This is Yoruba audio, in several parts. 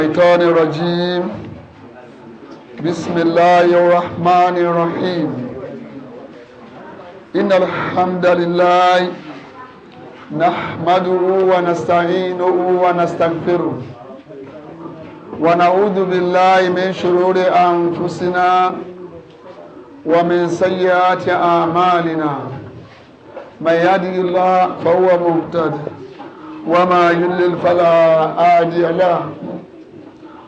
الشيطان الرجيم بسم الله الرحمن الرحيم إن الحمد لله نحمده ونستعينه ونستغفره ونعوذ بالله من شرور أنفسنا ومن سيئات أعمالنا من يهده الله فهو مهتد وما يضلل فلا هادي له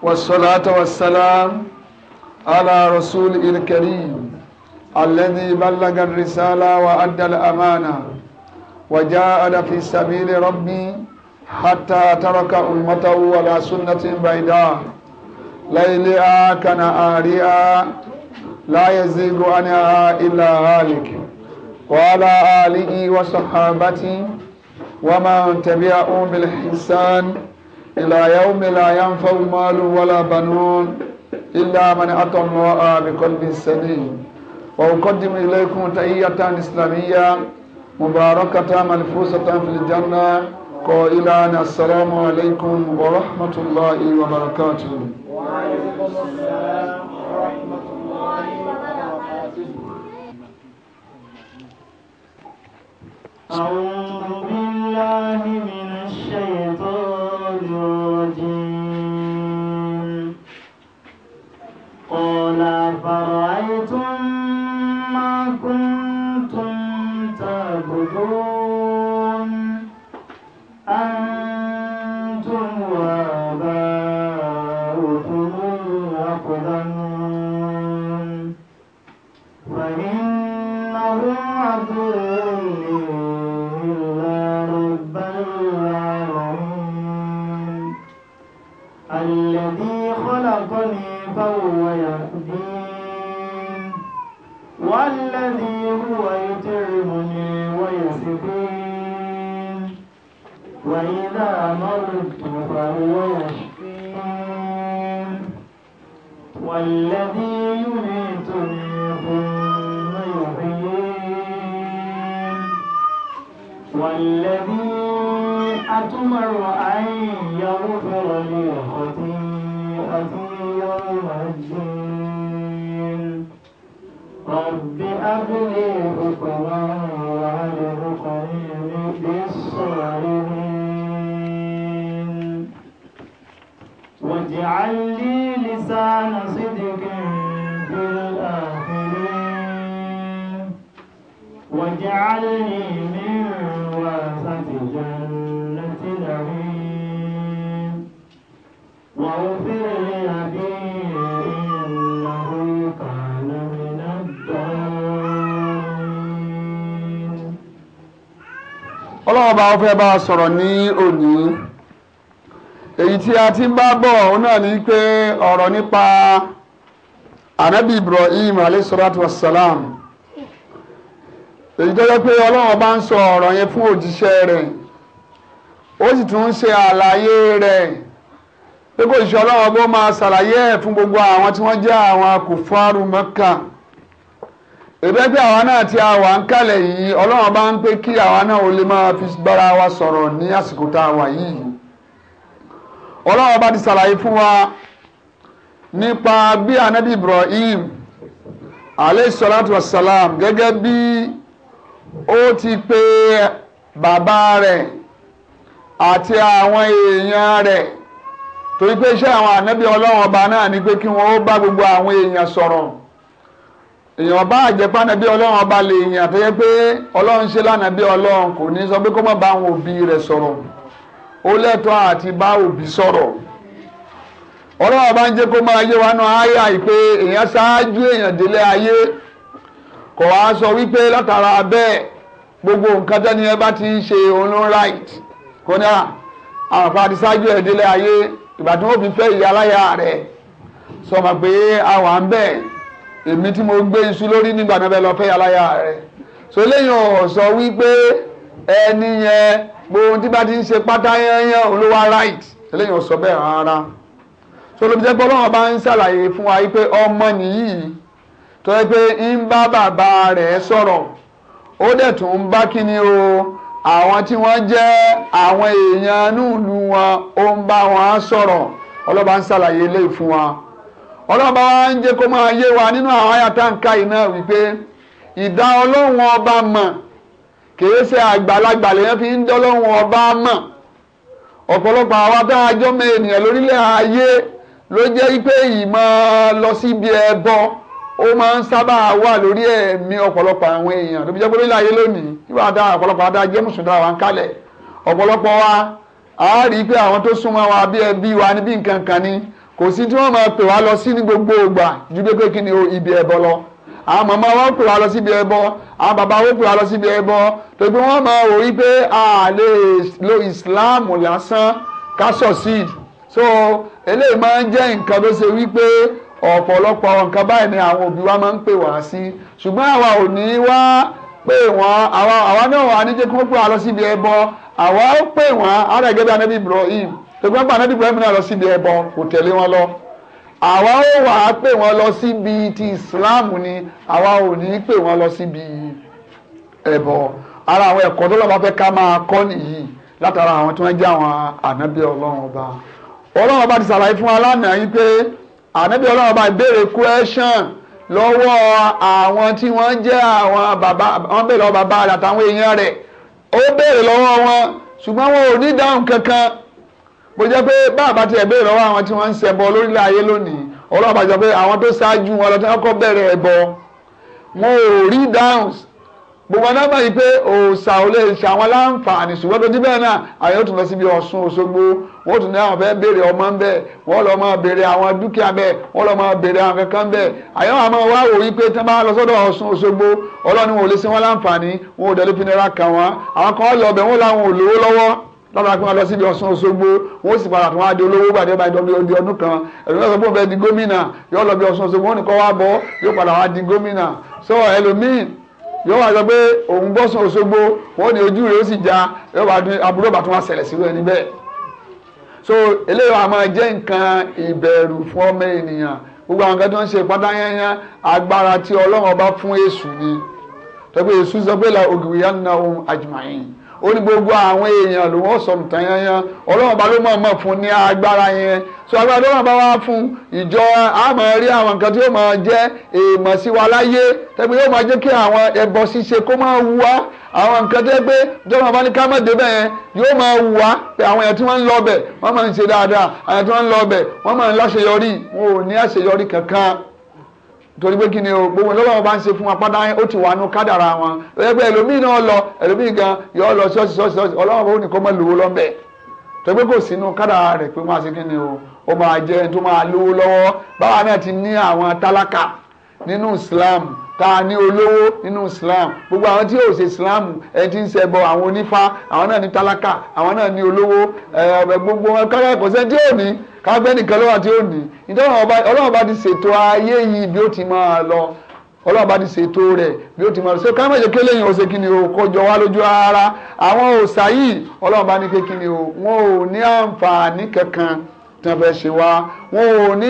والصلاة والسلام على رسول الكريم الذي بلغ الرسالة وأدى الأمانة وجاهد في سبيل ربي حتى ترك أمته على سنة بيضاء ليلها كنهارها لا يزيغ عنها إلا هالك وعلى آله وصحابته ومن تبعهم بالحسان إلى يوم لا ينفع مال ولا بنون إلا من أتى الله بقلب سليم وأقدم إليكم تحية إسلامية مباركة ملفوسة في الجنة قائلا السلام عليكم ورحمة الله وبركاته وعليكم السلام ورحمة الله وبركاته أعوذ بالله من الشيطان الرجيم قال فرأيتم bá fẹ́ bá sọ̀rọ̀ ní òní èyí tí a ti ń bá bọ̀ ọ náà ní pé ọ̀rọ̀ nípa anabi ibrahim aleyhisalatu wasalam èyí tó yẹ pé ọlọ́run bá ń sọ ọ̀rọ̀ yẹn fún òjíṣẹ́ rẹ̀ ó sì tún ń ṣe àlàyé rẹ̀ pé kò ìṣọ́ ọlọ́run bó máa ṣàlàyé ẹ̀ fún gbogbo àwọn tí wọ́n jẹ́ àwọn ebe pé àwa náà ti a wà ń kalẹ̀ yìí ọlọ́run bá ń pé kí àwa náà fi bára wa sọ̀rọ̀ ní àsìkò tá a wà yìí ọlọ́run bá ti ṣàlàyé fún wa nípa bí anabi Ibrahim alayhi salatu gẹ́gẹ́ bí ó ti pe bàbá rẹ̀ àti àwọn èèyàn rẹ̀ torí pé iṣẹ́ àwọn anabi ọlọ́run ọba náà ni pé kí wọ́n ó bá gbogbo àwọn èèyàn bá àjẹpá nàbí ọlọ́run ọba lè yàn tó yẹ pé ọlọ́run ṣe lánàbí ọlọ́run kò ní sọ pé kó má bá àwọn òbí rẹ̀ sọ̀rọ̀ ó lẹ́tọ̀ọ́ àti bá òbí sọ̀rọ̀ ọlọ́run ọba ń jẹ́ kó máa yé wa nù áyà pé èèyàn ṣáájú èèyàn délé ayé kò wá sọ wípé látara bẹ́ẹ̀ gbogbo nǹkan tẹ́ni ẹ bá ti ń ṣe òun right kò ní àwọn àpá ṣáájú ẹ̀ délé ayé ìgbà tí wọ́n fi fẹ́ ìyá èmi tí mo gbé iṣu lórí nígbà náà bẹ́ẹ̀ lọ fẹ́ aláya rẹ̀ so lẹ́yìn ọ̀ sọ wípé ẹni yẹn gbogbo tí bá ti ń ṣe pátá yẹnyẹn olówó right lẹ́yìn ọ̀ sọ bẹ́ẹ̀ rárá so lóbi jẹ́ pé ọlọ́run bá ń ṣàlàyé fún wa wípé ọmọ nìyí tó yẹ pé ń bá bàbá rẹ̀ sọ̀rọ̀ ó dẹ̀ tún ń bá kíni o àwọn tí wọ́n jẹ́ àwọn èèyàn inú ìlú wọn ó ń bá wọn sọ̀rọ̀ ọlọ́ba ń ṣàlàyé eléyìí fún wa ọlọ́run bá wá ń jẹ́ kó máa yé wa nínú àwọn ayatánká yìí náà wípé ìdá ọlọ́run ọba mọ̀ kìí ṣe àgbàlagbà lèyàn fi ń dọ́lọ́run ọba mọ̀ ọ̀pọ̀lọpọ̀ àwa tá a jọ mọ ènìyàn lórílẹ̀ ayé ló jẹ́ pé ìmọ̀ lọ síbi ẹbọ ó máa ń sábà wà lórí ẹ̀mí ọ̀pọ̀lọpọ̀ àwọn èèyàn tó fi jẹ́ pé lórílẹ̀ ayé lónìí nígbà tá ọ̀pọ̀lọpọ̀ adá mùsùlùmí wa ń kalẹ̀ ọ̀pọ̀lọpọ̀ wa a pé àwọn tó súnmọ́ wa bí ẹbí wa ní bí nǹkan kan ni kò sí tí wọ́n máa pè wá lọ sí ní gbogbo ìgbà ju pé pé kí ni o ibi ẹbọ lọ àwọn màmá wa pè wá lọ síbi ẹbọ àwọn bàbá wa pè wá lọ síbi ẹbọ tó pé máa wò wípé a lè lo Islam lásán ká succeed so eléyìí máa ń jẹ́ nǹkan tó ṣe wípé ọ̀pọ̀lọpọ̀ nǹkan báyìí ni àwọn òbí wa máa ń pè wá sí ṣùgbọ́n àwa ò ní wá pé wọ́n àwa náà wà ní jẹ́ pè wá lọ síbi ẹbọ àwa ó pè wọ́n á gẹ́gẹ́ bí Ànábì Ibrahim tẹgbẹ́ gbà náà Ibrahim náà lọ síbi ẹbọ kò tẹ̀lé wọn lọ àwa ó wà á pè wọn lọ síbi ti Islam ni àwa ò ní pè wọn lọ síbi ẹbọ ara àwọn ẹ̀kọ́ tó lọ́ba fẹ́ ká máa kọ́ nìyí látara àwọn tí wọ́n jẹ́ àwọn ànábì ọlọ́run ọba ọlọ́run ọba ti ṣàlàyé fún wa lánàá yìí pé ànábì ọlọ́run ọba ìbéèrè question lọ́wọ́ àwọn tí wọ́n jẹ́ àwọn bàbá wọ́n béèrè lọ́wọ́ bàbá bó jẹ́ pé báàbá tiẹ̀ béèrè lọ́wọ́ àwọn tí wọ́n ń ṣẹbọ lórílẹ̀ ayé lónìí ọlọ́run bá jọ pé àwọn tó ṣáájú wọn lọ́tí wọ́n kọ́ bẹ̀rẹ̀ ẹbọ wọn ò rí dáhùn gbogbo ọ̀nà mọ̀ yìí pé òòṣà ò lè ṣe àwọn láǹfààní ṣùgbọ́n tó díbẹ̀ náà àwọn yóò tún lọ síbi Ọ̀ṣun Òṣogbo wọ́n tún ní àwọn fẹ́ béèrè ọmọ ń bẹ̀ wọ́n lọ máa béèrè àwọn dúkìá bẹ̀ wọ́n lọ máa béèrè àwọn kankan bẹ̀ àyẹ̀wò àmọ́ wá wò yí pé tí bá lọ sọ́dọ̀ Ọ̀ṣun Òṣogbo Ọlọ́run wọn ò lè ṣe wọn láǹfààní wọn ò dẹ̀ lè fi kàn wọ́n àwọn kan lọ bẹ̀ wọ́n láwọn ò lówó lọ́wọ́ lọ́ba kí wọ́n lọ síbi Ọ̀ṣun Òṣogbo wọ́n sì padà kí wọ́n á di olówó gbàdé bá di ọdún kan ẹ̀rọ sọ pé òun fẹ́ di gómìnà yóò lọ bí Ọ̀ṣun Òṣogbo wọ́n ní wá bọ́ yóò padà wá di gómìnà so ẹlòmíì yóò wá sọ pé òun bọ́sùn Òṣogbo wọ́n ní ojú rẹ̀ ó sì já yóò wá dún aburú bàtú wá ṣẹlẹ̀ sílùú ẹni bẹ́ẹ̀ so eléyìí wàá máa jẹ́ nǹkan ìbẹ̀rù fún ọmọ ènìyàn gbogbo àwọn kan tó ń ṣe pátáyányá agbára ó ní gbogbo àwọn èèyàn ló wọ́n sọnù tán yanyan ọlọ́run bá ló mọ̀ mọ̀ fún ní agbára yẹn so agbára tó wọ́n bá wá fún ìjọ àmọ́ rí àwọn nǹkan tí yóò máa jẹ́ èèmọ̀ sí wa láyé tẹ́gbẹ́ yóò máa jẹ́ kí àwọn ẹbọ ṣíṣe kó máa wù wá àwọn nǹkan tẹ́ pé jọba bá ní ká má débẹ̀ yẹn yóò máa wù wá pé àwọn èèyàn tí wọ́n ń lọ bẹ̀ wọ́n máa ń ṣe dáadáa àwọn èèyàn tí wọ́n ń lọ bẹ̀ wọ́n máa ń láṣeyọrí wọn ò ní àṣeyọrí kankan torí pé kí ni o gbogbo lọ́wọ́ bá ń ṣe fún wa padà ó ti wà nù kádàrà wọn ẹgbẹ́ ẹlòmíì náà lọ ẹlòmíì gan yọ lọ ṣọ́ọ̀ṣì ṣọ́ọ̀ṣì ṣọ́ọ̀ṣì ọlọ́wọ́ bó ní kó mọ̀ lówó lọ́nbẹ̀ torí pé kò sínú kádàrà rẹ̀ pé máa ṣe kí ni o ó máa jẹ́ tó máa lówó lọ́wọ́ báwa náà ti ní àwọn tálákà nínú Islam ta ni olówó nínú islam gbogbo àwọn tí yóò ṣe islam ẹ ń ṣẹbọ àwọn onífá àwọn náà ní tálákà àwọn náà ní olówó ẹ gbogbo kára ẹkọ sẹ tí yóò ní nìkan tí yóò ní ọlọ́run bá ti ṣètò ayé yìí bí ti máa lọ ọlọ́run bá ti ṣètò rẹ̀ ti máa lọ ká jẹ́ kí ni o kó jọ wá ara àwọn yìí ọlọ́run bá ní kí o wọn ò ní àǹfààní kankan tí wọ́n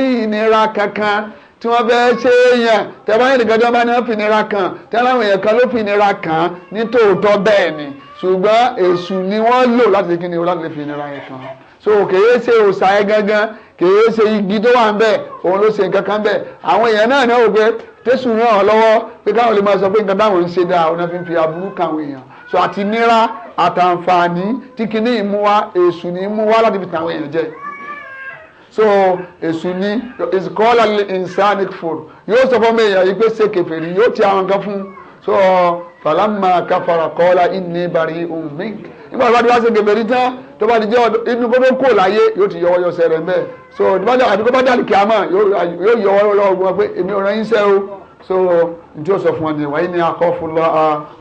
tí wọ́n fẹ́ ṣe é yẹn tẹ́wọ́n nìkan tí wọ́n bá ní wọ́n fi nira kan tẹ́wọ́n àwọn èèyàn kan ló fi nira kan ní tòótọ́ bẹ́ẹ̀ ni ṣùgbọ́n èṣù ni wọ́n lò láti kí ni o láti fi nira yẹn kan so kèé ṣe òòṣà yẹn gangan kèé ṣe igi tó wà ń bẹ̀ òun ló ṣe nǹkan kan bẹ̀ àwọn èèyàn náà ní òwe tẹ́sù ràn án lọ́wọ́ pé káwọn lè máa sọ pé nǹkan táwọn ń ṣe dáa ọ̀nà fi ń fi aburú káwọn èèyàn so àti nira àtàǹfààní tí kìíní ìmú èṣù ni ìmú láti fi tàwọn èèyàn jẹ́ so èsù ní ìsìkọ́lá insanic food yóò sọ fún mi èèyàn yìí pé ṣe kèfèrí yóò ti àwọn kan fún so falama kafara kọ́lá inni bari umik nígbà tó bá ti wá ṣe kèfèrí tán tó bá ti jẹ́ inú kó tó kó láyé yóò ti yọwọ́ yọsẹ̀ rẹ̀ mẹ́ so àbí kó bá dàlí kíámà yóò yọwọ́ yọwọ́ gbọ́n pé èmi ò rẹ̀ ń sẹ́ o so n tí o sọ fún ọ ni wàá ní akọ́fúnlọ́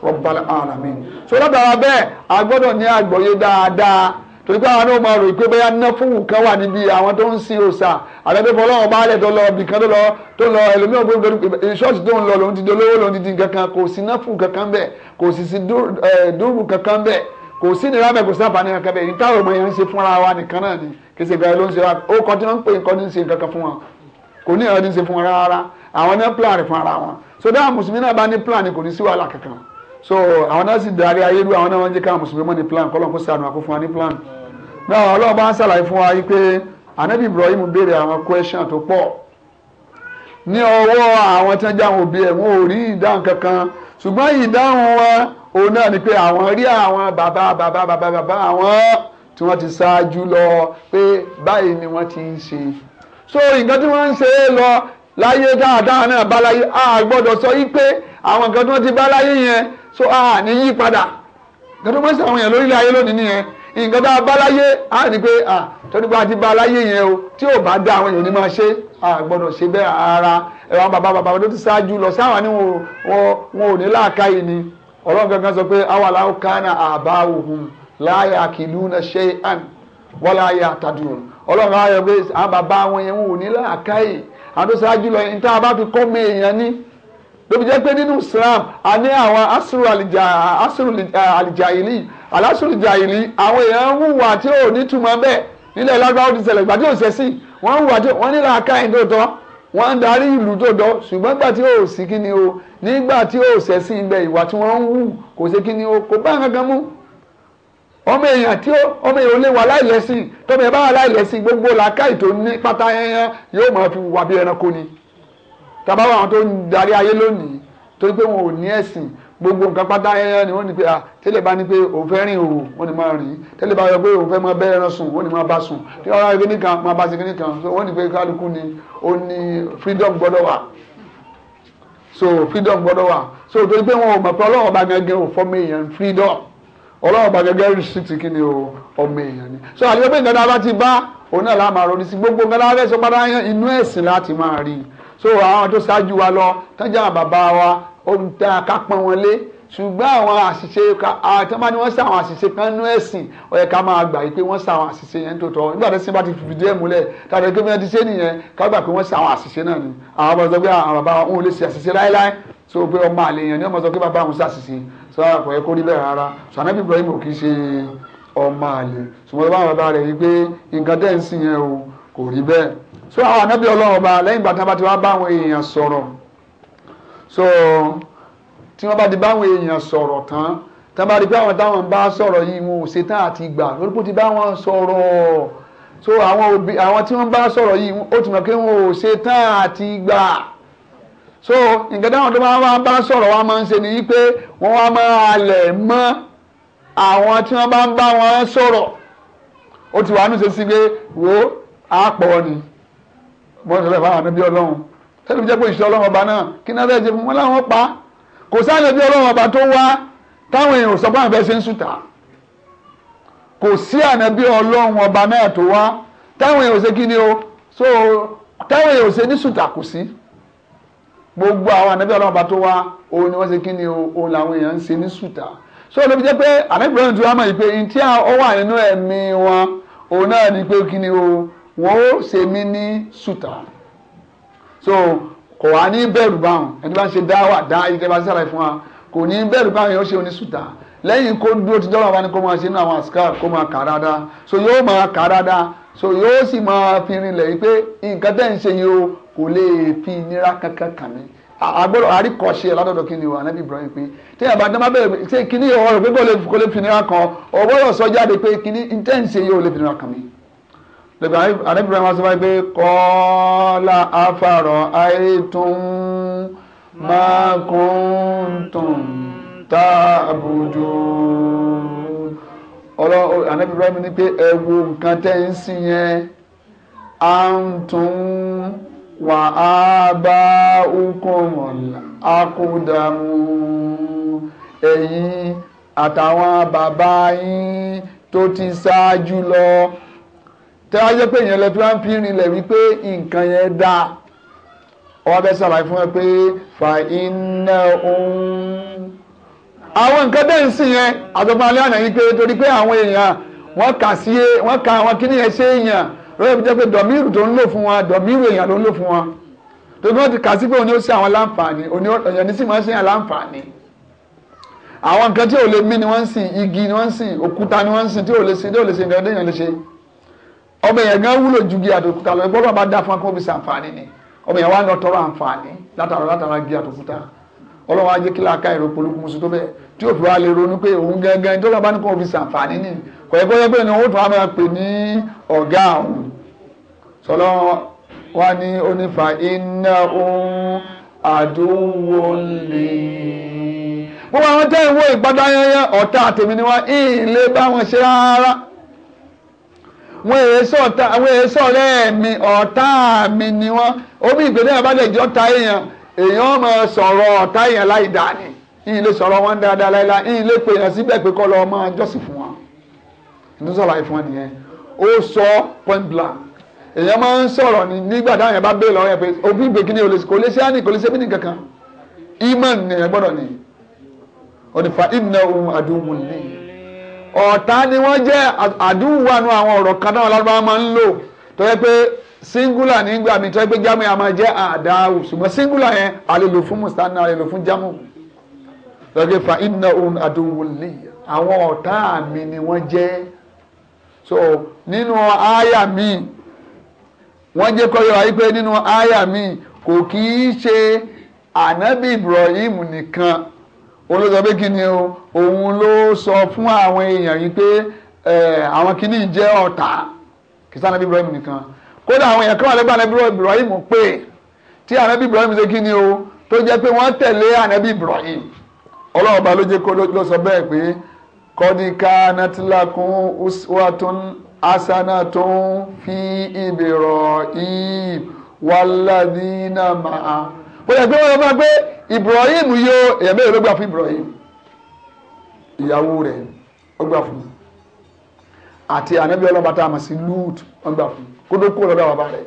rabbal alamin so lọ́dọ̀ ara bẹ́ẹ̀ a gbọ́dọ̀ ní àgbọ́yé dáadáa torí pé àwọn náà máa rò pé bóyá ná fún nǹkan wà níbi àwọn tó ń sin òòṣà àtẹ́gbẹ́fọ́ ọlọ́run bá lẹ̀ tó lọ ibì kan tó lọ tó lọ ẹlòmíràn pé ṣọ́ọ̀ṣì tó ń lọ lòun ti dolówó lòun ti di kankan kò sí ná fún kankan bẹ́ẹ̀ kò sì sí dúró kankan bẹ́ẹ̀ kò sí nira bẹ́ẹ̀ kò sí àǹfààní kankan bẹ́ẹ̀ níta ọmọ yẹn ń ṣe fúnra wa nìkan náà ni kì í ṣe gbàgbé ló ń ṣe ó kọ́ tí wọ́n ń pè nǹkan ní so dáhùn mùsùlùmí náà bá ní plan kò so àwọn náà sì darí ayélu àwọn náà wọ́n jẹ́ káwọn mùsùlùmí ní plan kọ́lọ́n kó sànù àkó wa ní plan náà ọlọ́run bá ń ṣàlàyé fún wa yìí pé anabi ibrahim béèrè àwọn question tó pọ̀ ní ọwọ́ àwọn tí wọ́n já wọn òbí ẹ̀ wọn ò rí ìdáhùn kankan ṣùgbọ́n ìdáhùn wọn òun náà ni pé àwọn rí àwọn bàbá bàbá bàbá bàbá àwọn tí wọ́n ti ṣáájú lọ pé báyìí ni wọ́n ti ń ṣe so nǹkan tí wọ́n ń ṣe é lọ láyé dáadáa náà bá láyé a gbọ́dọ̀ sọ yí pé àwọn nǹkan tí wọ́n ti bá láyé yẹn so a ní yí padà nǹkan tó mọ̀ sí àwọn èèyàn lórílẹ̀ ayé lónìí nìyẹn nǹkan tá a bá láyé a ní pé à torí pé a ti bá láyé yẹn o tí ò bá dá àwọn èèyàn ní máa ṣe a gbọ́dọ̀ ṣe bẹ́ẹ̀ ara ẹ̀rọ bàbá bàbá tó ti ṣáájú lọ sáwọn ni wọn ò ní láàkáyè ni ọlọ́run gangan sọ pé àwa làwọn kan náà àbá òhun láyà kìlú náà ṣe àn wọ́n láyà tàdùn ọlọ́run á yọ pé àwọn bàbá wọn yẹn wọn ò ní láàkáyè àtúnṣáájú lọ ní tá a bá fi kọ́ mọ lóbi jẹ́ pé nínú Islam a ní àwọn asuru alìjàìlì alásùrù jàìlì àwọn èèyàn ń hùwà tí ò ní túmọ̀ bẹ́ẹ̀ nílẹ̀ lágbára ó ti ṣẹlẹ̀ ìgbà tí wọ́n ń tí wọ́n nílò akáyìn tó wọ́n ń darí ìlú tó ṣùgbọ́n ni o nígbà tí ò ṣẹ́sì ń bẹ ìwà tí wọ́n ń kò o kò bá kankan mú ọmọ èèyàn tí ọmọ èèyàn lè wà láìlẹ́sìn tọ́mọ bá wà láìlẹ́sìn gbogbo làákàyè tó ní pátá fi wà bí ẹranko tábà wọn tó ń darí ayé lónìí torí pé wọn ò ní ẹ̀sìn gbogbo nǹkan pátá ẹyẹ ni wọ́n ní pé ah, tẹ́lẹ̀ bá ní pé òun fẹ́ rìn òwò wọ́n ní máa rìn tẹ́lẹ̀ bá yọ pé òun fẹ́ máa bẹ́ẹ̀ ẹran sùn wọ́n ní máa bá sùn tí wọ́n rárá kíní kan máa bá sí kíní kan wọ́n ní pé kálukú ni ó ní freedom gbọ́dọ̀ wà so freedom gbọ́dọ̀ wà so torí pé wọn ò mọ̀ pé ọlọ́wọ́ bá gẹ́gẹ́ ò fọ́mọ èèyàn freedom ọlọ́wọ́ bá gẹ́gẹ́ receipt kíní o ọmọ èèyàn ni so àdìgbẹ́ pé nǹkan tá a bá ti bá òun náà lá máa ronú sí gbogbo nǹkan tá a fẹ́ sọ pátá inú ẹ̀sìn láti máa rí i so àwọn tó ṣáájú wa lọ tọ́jà bàbá wa ó ń tẹ́ aká pọ́n wọn lé ṣùgbọ́n àwọn àṣìṣe àti ọmọ ni wọ́n ṣàwọn àṣìṣe kan nú ẹ̀sìn ó yẹ ká máa gbà yìí pé wọ́n ṣàwọn àṣìṣe yẹn tó tọ́ nígbà tó ṣe bá ti fìdí ẹ̀ múlẹ̀ tàbí pé wọ́n ti ṣe nìyẹn ká gbà pé wọ́n ṣàwọn àṣìṣe náà ni àwọn bàbá sọ pé àwọn bàbá wọn ò lè ṣe àṣìṣe láéláé so pé ọmọ àlè yẹn ni wọ́n sọ pé bàbá àwọn ṣàṣìṣe sọ àpò ẹ̀ kó rí bẹ́ẹ̀ rárá sọ àná bíbélì Ibrahim kì í ṣe ọmọ o kò so àwọn anábì ọlọ́run ọba lẹ́yìn ìgbà tí wọ́n bá ti wá bá àwọn èèyàn sọ̀rọ̀ so tí wọ́n bá ti bá àwọn èèyàn sọ̀rọ̀ tán tí wọ́n bá rí pé àwọn táwọn bá sọ̀rọ̀ yìí wọn ò ṣetán àti gbà lórí pé ó ti bá wọn sọ̀rọ̀ so àwọn òbí àwọn tí wọ́n bá sọ̀rọ̀ yìí ó ti mọ̀ pé wọn ò ṣetán àti gbà so nǹkan táwọn tó máa bá sọ̀rọ̀ wa máa ń ṣe ni wípé wọ́n wá máa halẹ̀ mọ́ àwọn tí wọ́n bá ń bá wọn sọ̀rọ̀ ó ti wà nù ṣe sí pé wo àpọ̀ ni bọ́n sọ̀rọ̀ fáwọn ànábì ọlọ́run tẹ́lifí jẹ́ pé ìṣẹ́ ọlọ́run ọba náà kí náà fẹ́ẹ́ ṣe fún wọn láwọn pa kò sáà ànábì ọlọ́run ọba tó wá táwọn èèyàn sọ fáwọn fẹ́ẹ́ ṣe ń sùtà kò sí ànábì ọlọ́run ọba náà tó wá táwọn èèyàn ṣe kí ni o so táwọn èèyàn ò ṣe ní sùtà kò sí gbogbo àwọn ànábì ọlọ́run ọba tó wá òun ni wọ́n ṣe kí ni o òun làwọn èèyàn ń ṣe ní sùtà so ló fi jẹ́ pé ànábì ọlọ́run tó wá mọ̀ yìí pé ní tí wọ́n ó ṣe mí ní sùtà so kò wá ní bẹ̀rù báwọn ẹni bá ń ṣe dáwà dá ìdílé bá sára fún wa kò ní bẹ̀rù báwọn yóò ṣe oní sùtà lẹ́yìn kó dúró ti dọ́là wa kó máa ṣe nínú àwọn àsìkà kó máa kà dáadáa so yóò máa kà dáadáa so yóò sì máa fi rinlẹ̀ yìí pé nǹkan tẹ́ ń ṣe yìí o kò lè fi ìnira kankan kàn mí agbọ́dọ̀ àríkọ̀ṣe ládọ́dọ̀ kí ni o ànábì Ibrahim pé tí ẹ̀ bá dán bá bẹ̀rẹ̀ ṣé kíní ọ̀rọ̀ pé kò lè fi ìnira kan ọ̀gbọ́dọ̀ sọ jáde pé kíní tẹ́ ń ṣe yìí o lè fi ìnira kàn mí lẹ́gbẹ̀ àrẹ́bìnrin wọn sọ wáyé pé kọ́ọ́lá afárọ̀ àìtún máa kún tún táàbùjù ọ̀rọ̀ àrẹ́bìnrin wọn ni pé ẹ wo nǹkan tẹ́ ń sìn yẹn à ń tún wà á bá okùn akúdàmú ẹ̀yìn àtàwọn bàbá yín tó ti ṣáájú lọ tẹ́ wá jẹ́ pé èèyàn lẹ fi wá ń fi rinlẹ̀ wípé nǹkan yẹn dáa ọwọ́ abẹ́ sàlàyé fún ẹ pé fa iná òun. Um. àwọn nǹkan bẹ́ẹ̀ ń sìn yẹn àtọ́fún alẹ́ àná yìí pé torí pé àwọn èèyàn wọ́n kà sí wọ́n ka àwọn kíní yẹn ṣe èèyàn lóye fi jẹ́ pé dọ̀míìrù tó ń lò fún wa dọ̀míìrù èèyàn ló ń lò fún wa torí wọ́n ti kà sí pé òní ó ṣe àwọn láǹfààní òní ọ̀yàn ní sì máa ń ṣe àwọn láǹfààní àwọn nǹkan tí ò lè mí ni wọ́n ń sìn igi ni wọ́n ń sìn òkúta ni wọ́n ń sìn tí ò lè ṣe tí ò lè ṣe nǹkan tí èèyàn lè ṣe ọmọ yẹn gan wúlò ju gíga àtòkúta lọ gbọ́dọ̀ bá dá fún akọ́bí sàǹfààní ni ọmọ yẹn wà ń lọ tọrọ àǹfààní látara látara gíga àtòkúta ọlọ́wọ́ ajé kílà ká èrò polúkúmu sí tó bẹ́ẹ̀ tí òfin wa lè ronú pé òun gangan tó lọ́ba ní kò fi sàǹfààní ni kọ̀yẹ́kọ́ yẹ pé ni wọ́n tún á máa pè ní ọ̀gá òun sọlọ́ wa ní onífà iná òun àdúgbò lè. gbogbo àwọn tẹ́ ìwé ìpadà yẹn ọ̀tá àtẹ̀mí ni wọ́n ń wọn èyí sọ ọ̀tá àwọn èyí sọ ọ̀rẹ́ mi ọ̀tá mi ni wọ́n omi ìgbẹ́dẹ́ yẹn ta èèyàn èèyàn máa sọ̀rọ̀ ọ̀tá èèyàn láì dání ìyìn lè sọ̀rọ̀ wọn dáadáa láìla ìyìn lè pè yàn síbẹ̀ pé kọ́ lọ ọmọ jọ́sìn fún wọn ìdúró sọ̀rọ̀ àìfún wọn nìyẹn ó sọ point blank èèyàn máa ń sọ̀rọ̀ ní nígbà táwọn yẹn bá béèrè lọ́wọ́ yẹn pé òbí ìgbèkí ni kò lè ṣe á kò lè ṣe mí ní kankan nìyẹn gbọ́dọ̀ ni òdìfà ọ̀tá ni wọ́n jẹ́ àdúgbò wà àwọn ọ̀rọ̀ kan náà lárúbáwá máa ń lò tó yẹ pé singular nígbà mi tó yẹ pé jamu yà máa jẹ́ àdáwò ṣùgbọ́n singular yẹn àlelò fún mùsàlùmí àlelò fún jamu lọ́jọ́ fa iná òun àdúgbò lè àwọn ọ̀tá mi ni wọ́n jẹ́ so nínú àyà mi wọ́n jẹ́ kọ́ yọ pé nínú àyà mi kò kì í ṣe ànábì Ibrahim nìkan olóòtú ọbẹ̀ kí ni o òun ló sọ fún àwọn èèyàn yìí pé àwọn kìíní jẹ́ ọ̀tá kìsá nàbí Ibrahim nìkan kódà àwọn èèyàn kan wà lẹ́gbàá nàbí Ibrahim pé tí ànábì Ibrahim ṣe kí ni o tó jẹ́ pé wọ́n tẹ̀lé ànábì Ibrahim ọlọ́ọ̀ba ló jẹ́ kó ló sọ bẹ́ẹ̀ pé kọ́díkà nàtìlákùn uswatun hasanatun fi Ibrahim wàlladínà máa. bóyá pé wọ́n lọ máa gbé Ibrahim yó èèyàn mẹ́rin ló gbà fún Ibrahim ìyàwó rẹ̀ ó gbà fún àti ànábì ọlọ́ba tá a mọ̀ sí Lut wọ́n gbà fún kódókó lọ́dọ̀ bàbá rẹ̀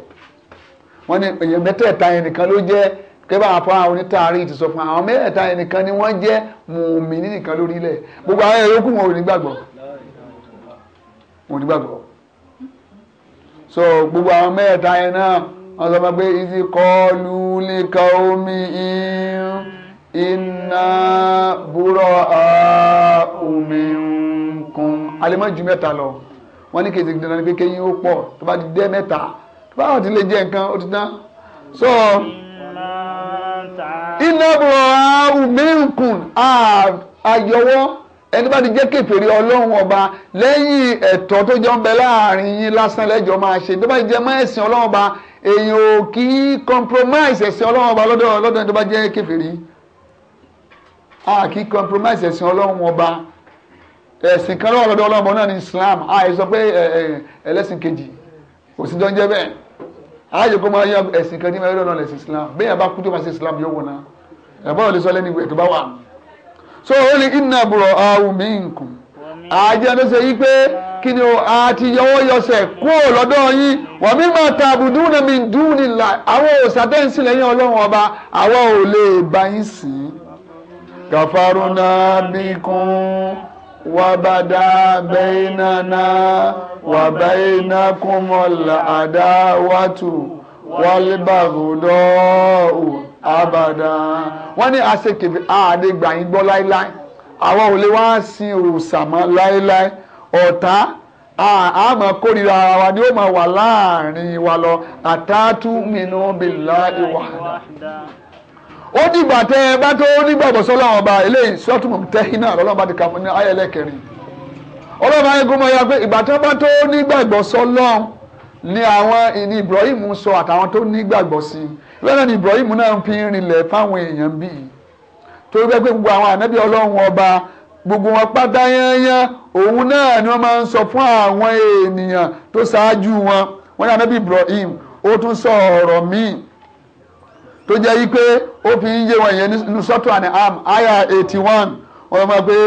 wọ́n ní èèyàn mẹ́tẹ̀ẹ̀ta yẹn nìkan ló jẹ́ kẹ́bà àpá onítàárí ti sọ fún àwọn mẹ́ẹ̀ta ẹnìkan ni wọ́n jẹ́ mùmíní nìkan lórílẹ̀ gbogbo àwọn ẹ̀rọ kù wọn ò ní gbàgbọ́ wọn ò ní gbàgbọ́ so gbogbo àwọn mẹ́ẹ̀ta ẹ̀ náà wọ́n sọ pé ìsì kọlu líka omi iná búrọ̀ omi nǹkan alẹ́mọ́ ju mẹ́ta lọ wọ́n ní kejì dandan ni pé kéyìn ó pọ̀ tó bá ti dé mẹ́ta tó bá ti lè jẹ́ nǹkan ó ti tán so iná búrọ̀ omi nǹkan ayọwọ́ ẹni bá ti jẹ́ kèfèrí ọlọ́run ọba lẹ́yìn ẹ̀tọ́ tó jọ ń bẹ láàrin yín lásán lẹ́jọ́ máa ṣe tó bá ti jẹ́ mọ́ ẹ̀sìn ọlọ́run ọba èèyàn ò kì í compromise ẹ̀sìn ọlọ́run ọba lọ́dọ̀ lọ́dọ̀ ẹni tó bá jẹ́ kèfèrí a kì í compromise ẹ̀sìn ọlọ́run ọba ẹ̀sìn kan lọ́wọ́ lọ́dọ̀ ọlọ́run ọba náà ní Islam a yẹ sọ pé ẹlẹ́sìn kejì kò sí dọ́njẹ́ bẹ́ẹ̀ a yẹ kó máa yọ ẹ̀sìn kan ní ẹ̀rọ náà lẹ̀sìn Islam bẹ́ẹ̀ yẹn bá kú tó bá sí Islam yóò wọ̀ náà ẹ̀bọ́n ò lè sọ lẹ́nu ìwé tó bá wà so ó ní ìnàbùrọ̀ ahùn mí nǹkan àjẹ́ ló ṣe yí pé kí ni o àti yọwọ́ yọsẹ̀ kúrò lọ́dọ̀ yín wọ́n mi máa ta àbùdú náà mi dùn ní là àwọn òṣàtẹ́ǹsì lẹ́yìn ọlọ́run ọba àwa ò lè bá yín sìn ín. kàfàrúnà bíkún wàbàdà bẹ́ẹ̀nàna wàbẹ́ẹ̀nà kùmọ̀lá àdáwàtú wàlébàgùdọ́ àbàdà. wọ́n ní àṣekèbè àdégbà yín gbọ́ láíláí àwa ò lè wá sin òòṣà mọ́ láéláé ọ̀tá àmọ́ kórìíra ara wa ni ó máa wà láàrin wa lọ àtàtú mìíràn bìlá ìwà ó dìgbà tẹ ẹ bá tó nígbàgbọ́ sọ́lá ọba eléyìí sọ́tùmù tẹ́hínà lọ́lọ́ba ti kà fún ní ayẹlẹ́ kẹrin ọlọ́ba ayégún mọ́ ya pé ìgbà tó bá tó nígbàgbọ́ sọ́lá ni àwọn ìní Ibrahim sọ àtàwọn tó nígbàgbọ́ sí i lọ́nà ni Ibrahim náà fi ń rinlẹ̀ fáwọn èèyàn bíi torí pé gbogbo àwọn ànábì ọlọ́run ọba gbogbo wọn pátá yányán òun náà ni wọ́n máa ń sọ fún àwọn ènìyàn tó ṣáájú wọn wọ́n ní ànábì Ibrahim ó tún sọ ọ̀rọ̀ míì tó jẹ́ yí pé ó fi ń yé wọn yẹn nínú sọ́tò àní am aya eighty one wọ́n máa pé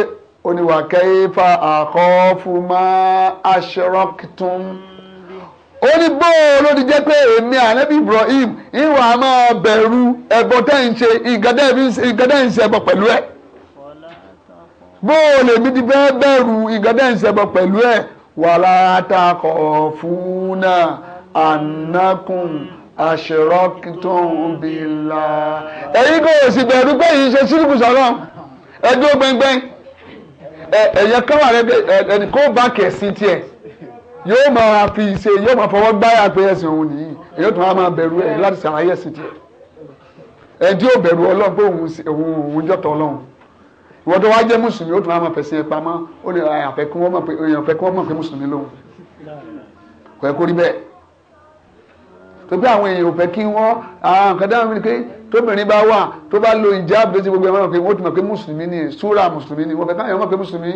oníwàkẹ́ ifá àkọ́ fún máa aṣọ́rọ́kìtún ó ní bóò ló ti jẹ́ pé èmi ànábì Ibrahim ìwà máa bẹ̀rù ẹbọ tẹ́ ń ṣe ìgádẹ́ ń ṣe ẹbọ pẹ̀lú ẹ̀ bóò lèmi ti fẹ́ bẹ̀rù ìgádẹ́ ń ṣe ẹbọ pẹ̀lú ẹ̀ wàlá takọ̀ fún náà ànákùn aṣèrọ́kìtàn bìlà. ẹ̀yin kò sì bẹ̀rù pé yìí ṣe sílùkù sọ̀rọ̀ ẹ̀dúró gbẹngbẹ́ng ẹ̀yẹ kọ́wà rẹ̀ ẹ̀ẹ́dẹ̀ni kó bá kẹ̀ tiẹ̀ yóò máa fi ṣe yóò máa fọwọ́ gbáyà pé ẹ̀sìn òun nìyí èyí tó máa bẹ̀rù ẹ̀ láti ṣàlàyé ẹ̀sìn tiẹ̀ ẹ̀ tí yóò bẹ̀rù ọlọ́run pé òun òun jọ̀tọ̀ ọlọ́run ìwọ tó wá jẹ́ mùsùlùmí ó tún máa fẹ̀sìn ẹ̀ pamọ́ ó lè àyànfẹ́ kí wọ́n mọ̀ pé mùsùlùmí lòun kò ẹ kó rí bẹ́ẹ̀ tó bí àwọn èèyàn ò fẹ́ kí wọ́n àwọn kan dáhùn mi pé tóbìnrin bá wà tó bá lo ìjáàbù tó ti gbogbo ẹ̀ wọ́n ti mọ̀ pé mùsùlùmí ni súrà mùsùlùmí ni wọ́n fẹ́ káyọ̀ mọ̀ pé mùsùlùmí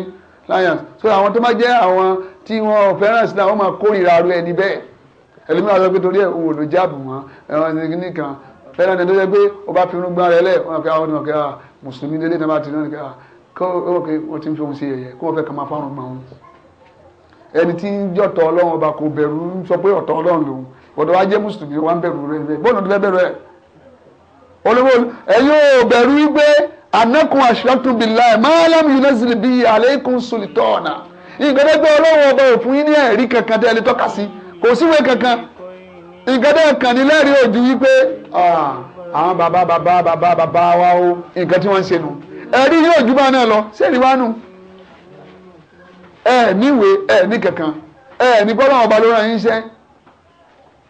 láyàn so àwọn tó máa jẹ́ àwọn tí wọn ò fẹ́ràn sí náà wọ́n máa kórìíra rú ẹni bẹ́ẹ̀ ẹlòmíràn sọ pé torí ẹ̀ òun ò lò jáàbù mọ́ ẹ̀rọ ẹni nìkan fẹ́ràn ẹni tó jẹ́ pé ó bá fi irun gbọ́n rẹ lẹ̀ wọ́n fi àwọn ọdún ọ̀kẹ́ ah, mùsùlùmí délé náà bá ti náà nìkan ah, kó o kò wọ́n ti ń fi òun ṣe yẹ̀yẹ́ kó wọ́n fẹ́ kàn máa fárun gbọ́n ẹni tí ń jọ̀tọ̀ ọlọ́run ọba kò bẹ̀rù sọ pé ọ̀tọ̀ ọlọ́run lòun ọ̀dọ̀ wa jẹ́ ìgbẹ́dẹ́gbẹ́ ọlọ́run ọba òfin ní ẹ̀rí kankan tẹ́ ẹ lè tọ́ka sí kò síwèé kankan ìgbẹ́dẹ́ kan ní lẹ́rìí òjú wípé àwọn bàbá bàbá bàbá bàbá wa o nǹkan tí wọ́n ń ṣe nu ẹ̀rí yóò ju bá náà lọ sẹ́ẹ̀rí wá nù ẹ níwèé ẹ ní kankan ẹ ní kọ́ ọlọ́run ọba ló rán yín iṣẹ́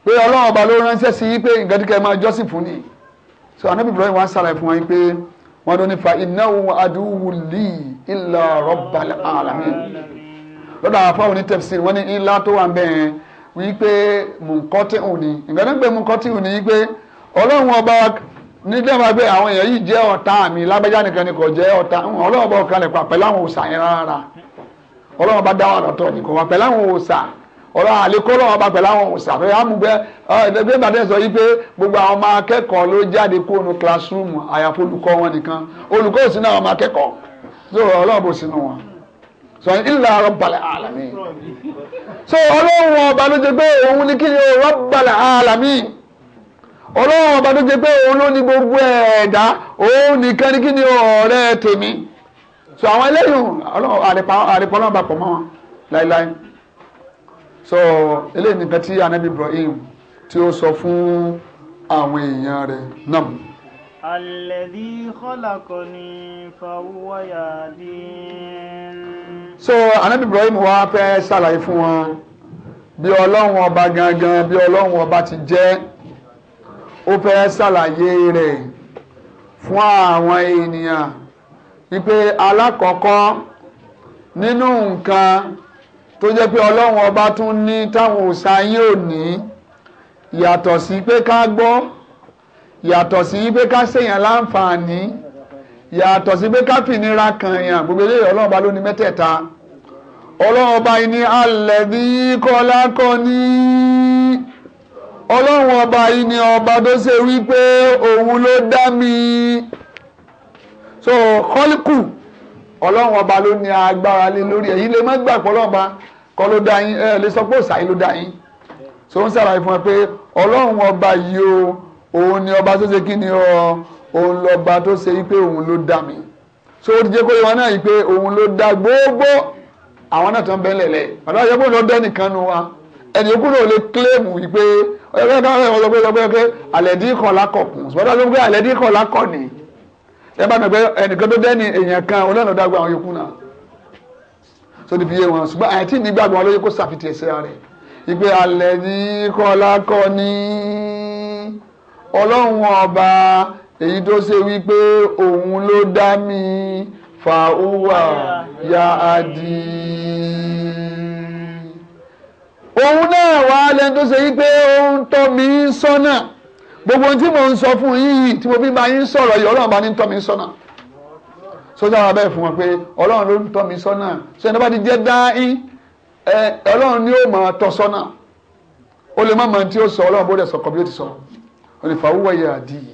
pé ọlọ́run ọba ló ránṣẹ́ sí yín pé nǹkan tí kẹ́ máa jọ́sìn fún ni so anabi ibrahim wa ń ṣàlàyé fún wa yín pé wọ́n ló ní fa innahu aduwwu li illa rabbil alamin lọ́dọ̀ àwọn afáwọn ní tẹ̀sí wọ́n ní ilá tó wà ń bẹ̀ yẹn wípé mùkọ́tì òní ìgbẹ́ nígbẹ́ mùkọ́tì òní wípé ọlọ́run ọba nígbà máa gbé àwọn èèyàn yìí jẹ́ ọ̀tá mi lágbájá nìkan ni kò jẹ́ ọ̀tá ọlọ́run ọba ọ̀kan lẹ̀kọ́ pẹ̀lú àwọn òòṣà yẹn rárá ọlọ́run ọba dá wà lọ́tọ̀ ni kò wà pẹ̀lú àwọn òòṣà ọlọ́run àlékọ́ ọlọ́run ọba pẹ̀lú àwọn òòṣà pé àmúgbẹ́ ẹgbẹ́ ìbàdàn sọ yìí pé gbogbo àwọn ọmọ akẹ́kọ̀ọ́ ló jáde kó nu àyàfó olùkọ́ wọn nìkan olùkọ́ òsínú ọmọ akẹ́kọ̀ọ́ sọ ilà rọ́bàlẹ̀ àlàmì so ọlọ́run ọba ló jẹ́ pé òun ní kí ni rọ́bàlẹ̀ àlàmì ọlọ́run ọba ló jẹ́ pé òun ló ní gbogbo ẹ̀dá òun nìkan ní kí ni ọ̀rẹ́ tèmi so àwọn eléyìí àrèpọ̀ ọlọ́run bá pọ̀ mọ́ wọn láíláí so eléyìí nìkan tí anabi Ibrahim tí ó sọ fún àwọn èèyàn rẹ̀ náà. Alladhi khalaqani fahuwa yahdin so anabi ibrahim wa fẹ́ ṣàlàyé fún wọn bí ọlọ́run ọba gangan bí ọlọ́run ọba ti jẹ́ ó fẹ́ ṣàlàyé rẹ̀ fún àwọn ènìyàn wípé alákọ̀ọ́kọ́ nínú nǹkan tó jẹ́ pé ọlọ́run ọba tún ní táwọn òòṣà ò ní yàtọ̀ sí pé ká gbọ́ yàtọ̀ sí pé ká ṣèyàn láǹfààní yàtọ̀ sí pé káfìnira kan yàn gbogbo eléyìí ọlọ́run ọba ló ní mẹ́tẹ̀ẹ̀ta ọlọ́run ọba yìí ní alẹ̀ ní kọ́lá kọ́ ní ọlọ́run ọba yìí ni ọba tó ṣe wípé òun ló dá mi so kọ́líkù ọlọ́run ọba ló ní agbára lé lórí èyí lè má gbà pé ọlọ́run ọba kọ́ ló dá yín ẹ lè sọ pé òsàyí ló dá yín so ń ṣàlàyé fún ẹ pé ọlọ́run ọba yìí o òun ni ọba tó ṣe kí ni ọ òun lọ́ba tó ṣe wípé òun ló dá mi so ó ti jẹ́ kó yẹ wọn náà yìí pé òun ló dá gbogbo àwọn náà tán bẹ́ẹ̀ lẹ̀lẹ̀ bàbá yẹ kó lọ dẹ́ nìkan nu wa ẹni yòókù náà lè kílèmù wípé ọ̀yọ́kẹ́ káwọn ẹ̀wọ̀n lọ́gbẹ́ lọ́gbẹ́ pé àlẹ́dí kọ̀ lákọ̀ kùn ṣùgbọ́n tó ń gbé àlẹ́dí kọ̀ lákọ̀ ẹ bá nàgbẹ́ ẹnìkan tó dẹ́ni èèyàn kan òun náà lọ dá gbọ́ àwọn yòókù náà so ti fi yé wọn ṣùgbọ́n àyẹ̀tì nígbàgbọ́ wọn ló yẹ kó ṣàfitì ẹ̀sẹ̀ rẹ̀ ìpè ọlọ́run ọba èyí tó ṣe wípé òun ló dá mi fàáwà ya adì. òun náà wà á tó ṣe wípé ó tọ́ mi sọ́nà gbogbo tí mo ń sọ fún yìí tí mo fi bá yín sọ̀rọ̀ yìí ọlọ́run bá ní tọ́ mi sọ́nà sójà wa bẹ́ẹ̀ fún wọn pé ọlọ́run ló ń tọ́ mi sọ́nà ṣé ẹni bá ti jẹ́ dáín ọlọ́run ni ó máa tọ́ sọ́nà ó lè má mọ tí ó sọ ọlọ́run bó dẹ̀ sọ kọ́ bí ó ti sọ ó lè fà wúwọ́ yẹ àdìyí.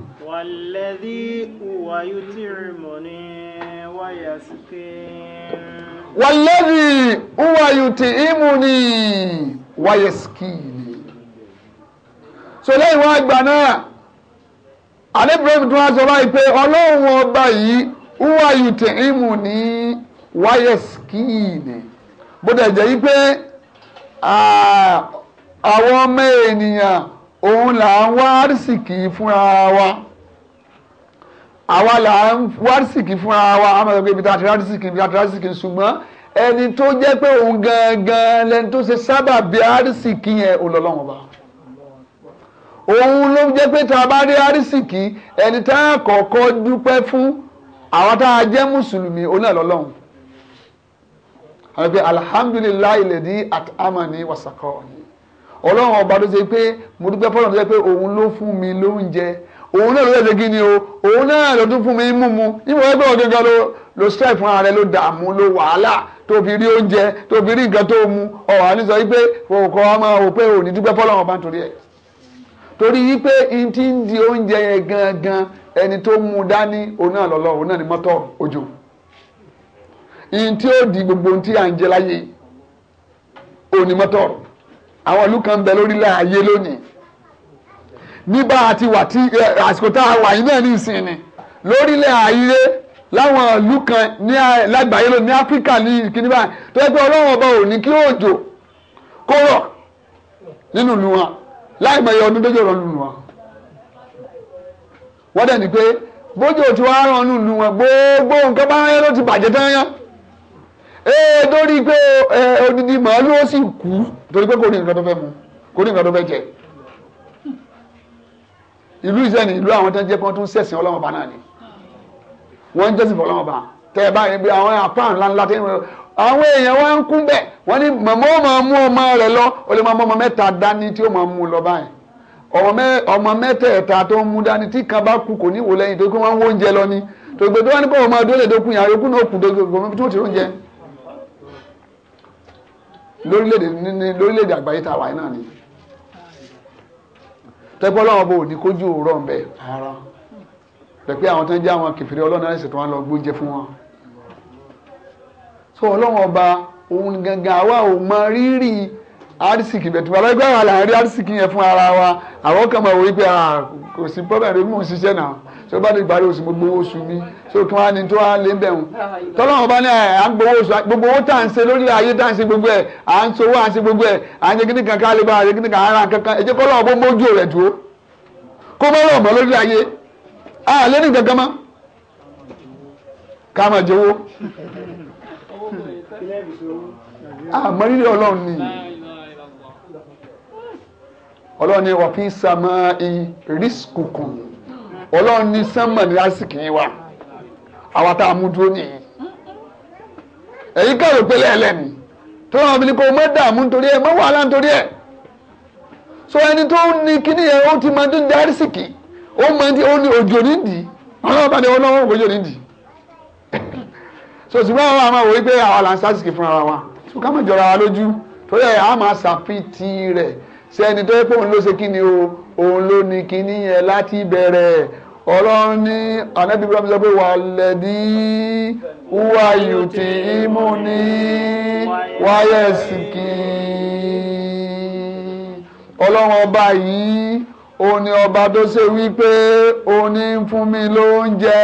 والذي هو يطعمني ويسقين والذي هو يطعمني ويسقين so lẹ́yìn wá gbà náà alẹ́bùrẹ́mù tó wá sọ báyìí pé ọlọ́run ọba yìí wúwà yùtẹ̀ ìmù ní wáyẹ̀sìkìnì bó dẹ̀ jẹ́ yí pé àwọn ọmọ ènìyàn òun là ń wá àrísìkì fúnra wa àwa là ń wárísìkì fúnra wa a máa sọ pé ibi tá a ti rárísìkì ibi tá a ti rárísìkì ṣùgbọ́n ẹni tó jẹ́ pé òun gangan lẹni tó ṣe sábà bí rárísìkì yẹn olọ́lọ́wọ́n bá òun ló jẹ́ pé tá a bá rí rárísìkì ẹni tá a kọ́kọ́ dúpẹ́ fún àwọn tá a jẹ́ mùsùlùmí òun àwọn pé alhamdulilayi lèdi àti amani wasakọ ọlọ́run ọba ló ṣe pé mo dúpẹ́ fọlọ́run tó ṣe pé òun ló fún mi lóúnjẹ òun náà ló lè ṣe ni o òun náà ló tún fún mi mú mu ìwọ ẹgbẹ́ wọn gẹ́gẹ́ ló ló strike fún ara rẹ ló dààmú ló wàhálà tó fi rí oúnjẹ tó fi rí nǹkan tó mu ọ̀hún àní sọ wípé òkò ọmọ òpé òní dúpẹ́ fọlọ́wọn bá ń torí ẹ̀ torí wípé n ti ń di oúnjẹ yẹn gangan ẹni tó mú dání òun náà lọ́lọ́ òun náà ni mọ́tò òjò n tí ó di gbogbo ohun tí à ń jẹ láyé òun ni mọ́tò àwọn ìlú kan bẹ lórílẹ̀ ayé lónìí ní bá a ti wà tí àsìkò tá a wà yìí náà ní ni lórílẹ̀ ayé láwọn ìlú kan ní lágbàáyé lónìí ní áfíríkà ní ìkíní báyìí tó yẹ pé ọlọ́run ọba ò ní kí òjò kó rọ̀ nínú ìlú wọn láì mọ̀ ẹyọ ọdún méjì rọ̀ nínú wọn. wọ́n dẹ̀ ní pé bójú òtún wa rán nínú wọn gbogbo nǹkan bá yẹn ló ti bàjẹ́ tán yẹn ee torí pé odidi màálù ó sì kú torí pé kò ní nǹkan tó fẹ́ mu kò ní nǹkan tó fẹ́ jẹ ìlú ìsẹ́ni ìlú àwọn tó ń jẹ́ pé wọ́n tún sẹ̀sìn ọlọ́mọba náà ni wọ́n ń jẹ́sìn fọlọ́mọba tẹ́ ẹ báyìí àwọn apá ńlá ńlá tẹ́ àwọn èèyàn wa ń kún bẹ́ẹ̀ wọ́n ní màmá ó máa mú ọmọ rẹ̀ lọ ó máa mú ọmọ mẹ́ta dání tí ó máa mú lọ báyìí ọmọ mẹ́tẹ̀ẹ̀ta tó ń mú dání tí kan bá kú kò ní wò lẹ́yìn tó wọ́n ń wó lọ ni tògbè tó wá ní kó ọmọ adólè tó kún yàrá yòókù náà kù dókòwò tó ti róúnjẹ lórílẹ̀-èdè àgbáyé tá wáyé náà nìyí tẹ́gbọ́n lọ́wọ́ bò ní kójú òwúrọ̀ ń bẹ̀ rárá pẹ̀pẹ́ àwọn tó ń jẹ́ àwọn kẹfìrí ọlọ́run náà ṣe tó wọn lọ gbóúnjẹ fún wọn. so ọlọ́run ọba òun gangan àwa ò mọ rírì arísìkì bẹ̀ tí bàbá ẹgbẹ́ àwọn àlàyé arísìkì yẹn fún ara wa àwọn kan máa wọ wípé kò sí problem lórí mò ń ṣiṣẹ́ náà tó bá ti parí oṣù gbogbo oṣù mi tó kí wọ́n á ní tó wá lé bẹ̀rùn tọ́lọ́wọ́n bá ní à oṣù gbogbo owó tá à ń ṣe lórí ayé tá à ń ṣe gbogbo ẹ̀ à ń sowó à ń ṣe gbogbo ẹ̀ à ń ṣe kíní kan ká lè bá àṣẹ kíní kan ara kankan ẹ̀jẹ̀ kọ́ lọ́wọ́ gbogbo ojú rẹ̀ dúró kó bá lọ́wọ́ bọ́ lórí ayé à lé ní kankan mọ́ ká máa jẹ́wọ́ àmọ́ nílé ọlọ́run nìyí ọlọ́run ní wàfí sàmà ìrísìkùkùn ọlọ́run ni sánmà ní lásìkò yìí wà àwa tá a mú dúró nìyí èyí kàrò pé lẹ́ẹ̀lẹ́ni tó ràn mí ní kó dààmú nítorí ẹ̀ má wàhálà nítorí ẹ̀ so ẹni tó ní kíní yẹn ó ti máa tó ń di àrísìkì ó máa ń di ó ní òjò nídìí ọlọ́run bá ní ọlọ́run òjò nídìí so ṣùgbọ́n àwọn àmọ́ wòye pé àwa là ń sásìkì fúnra wa ṣùgbọ́n ká má wa lójú torí ẹ̀ ṣé ẹni tó yẹ pé òun ló ṣe kíni o òun ló ní kíní yẹn láti bẹ̀rẹ̀ ọlọ́run ní ànábì Ibrahim sọ pé wà lẹ́dí wúwa yùtì ímú ní wáyẹ̀sì ọlọ́run ọba yìí òun ni ọba tó ṣe wípé òun ní ń fún mi lóúnjẹ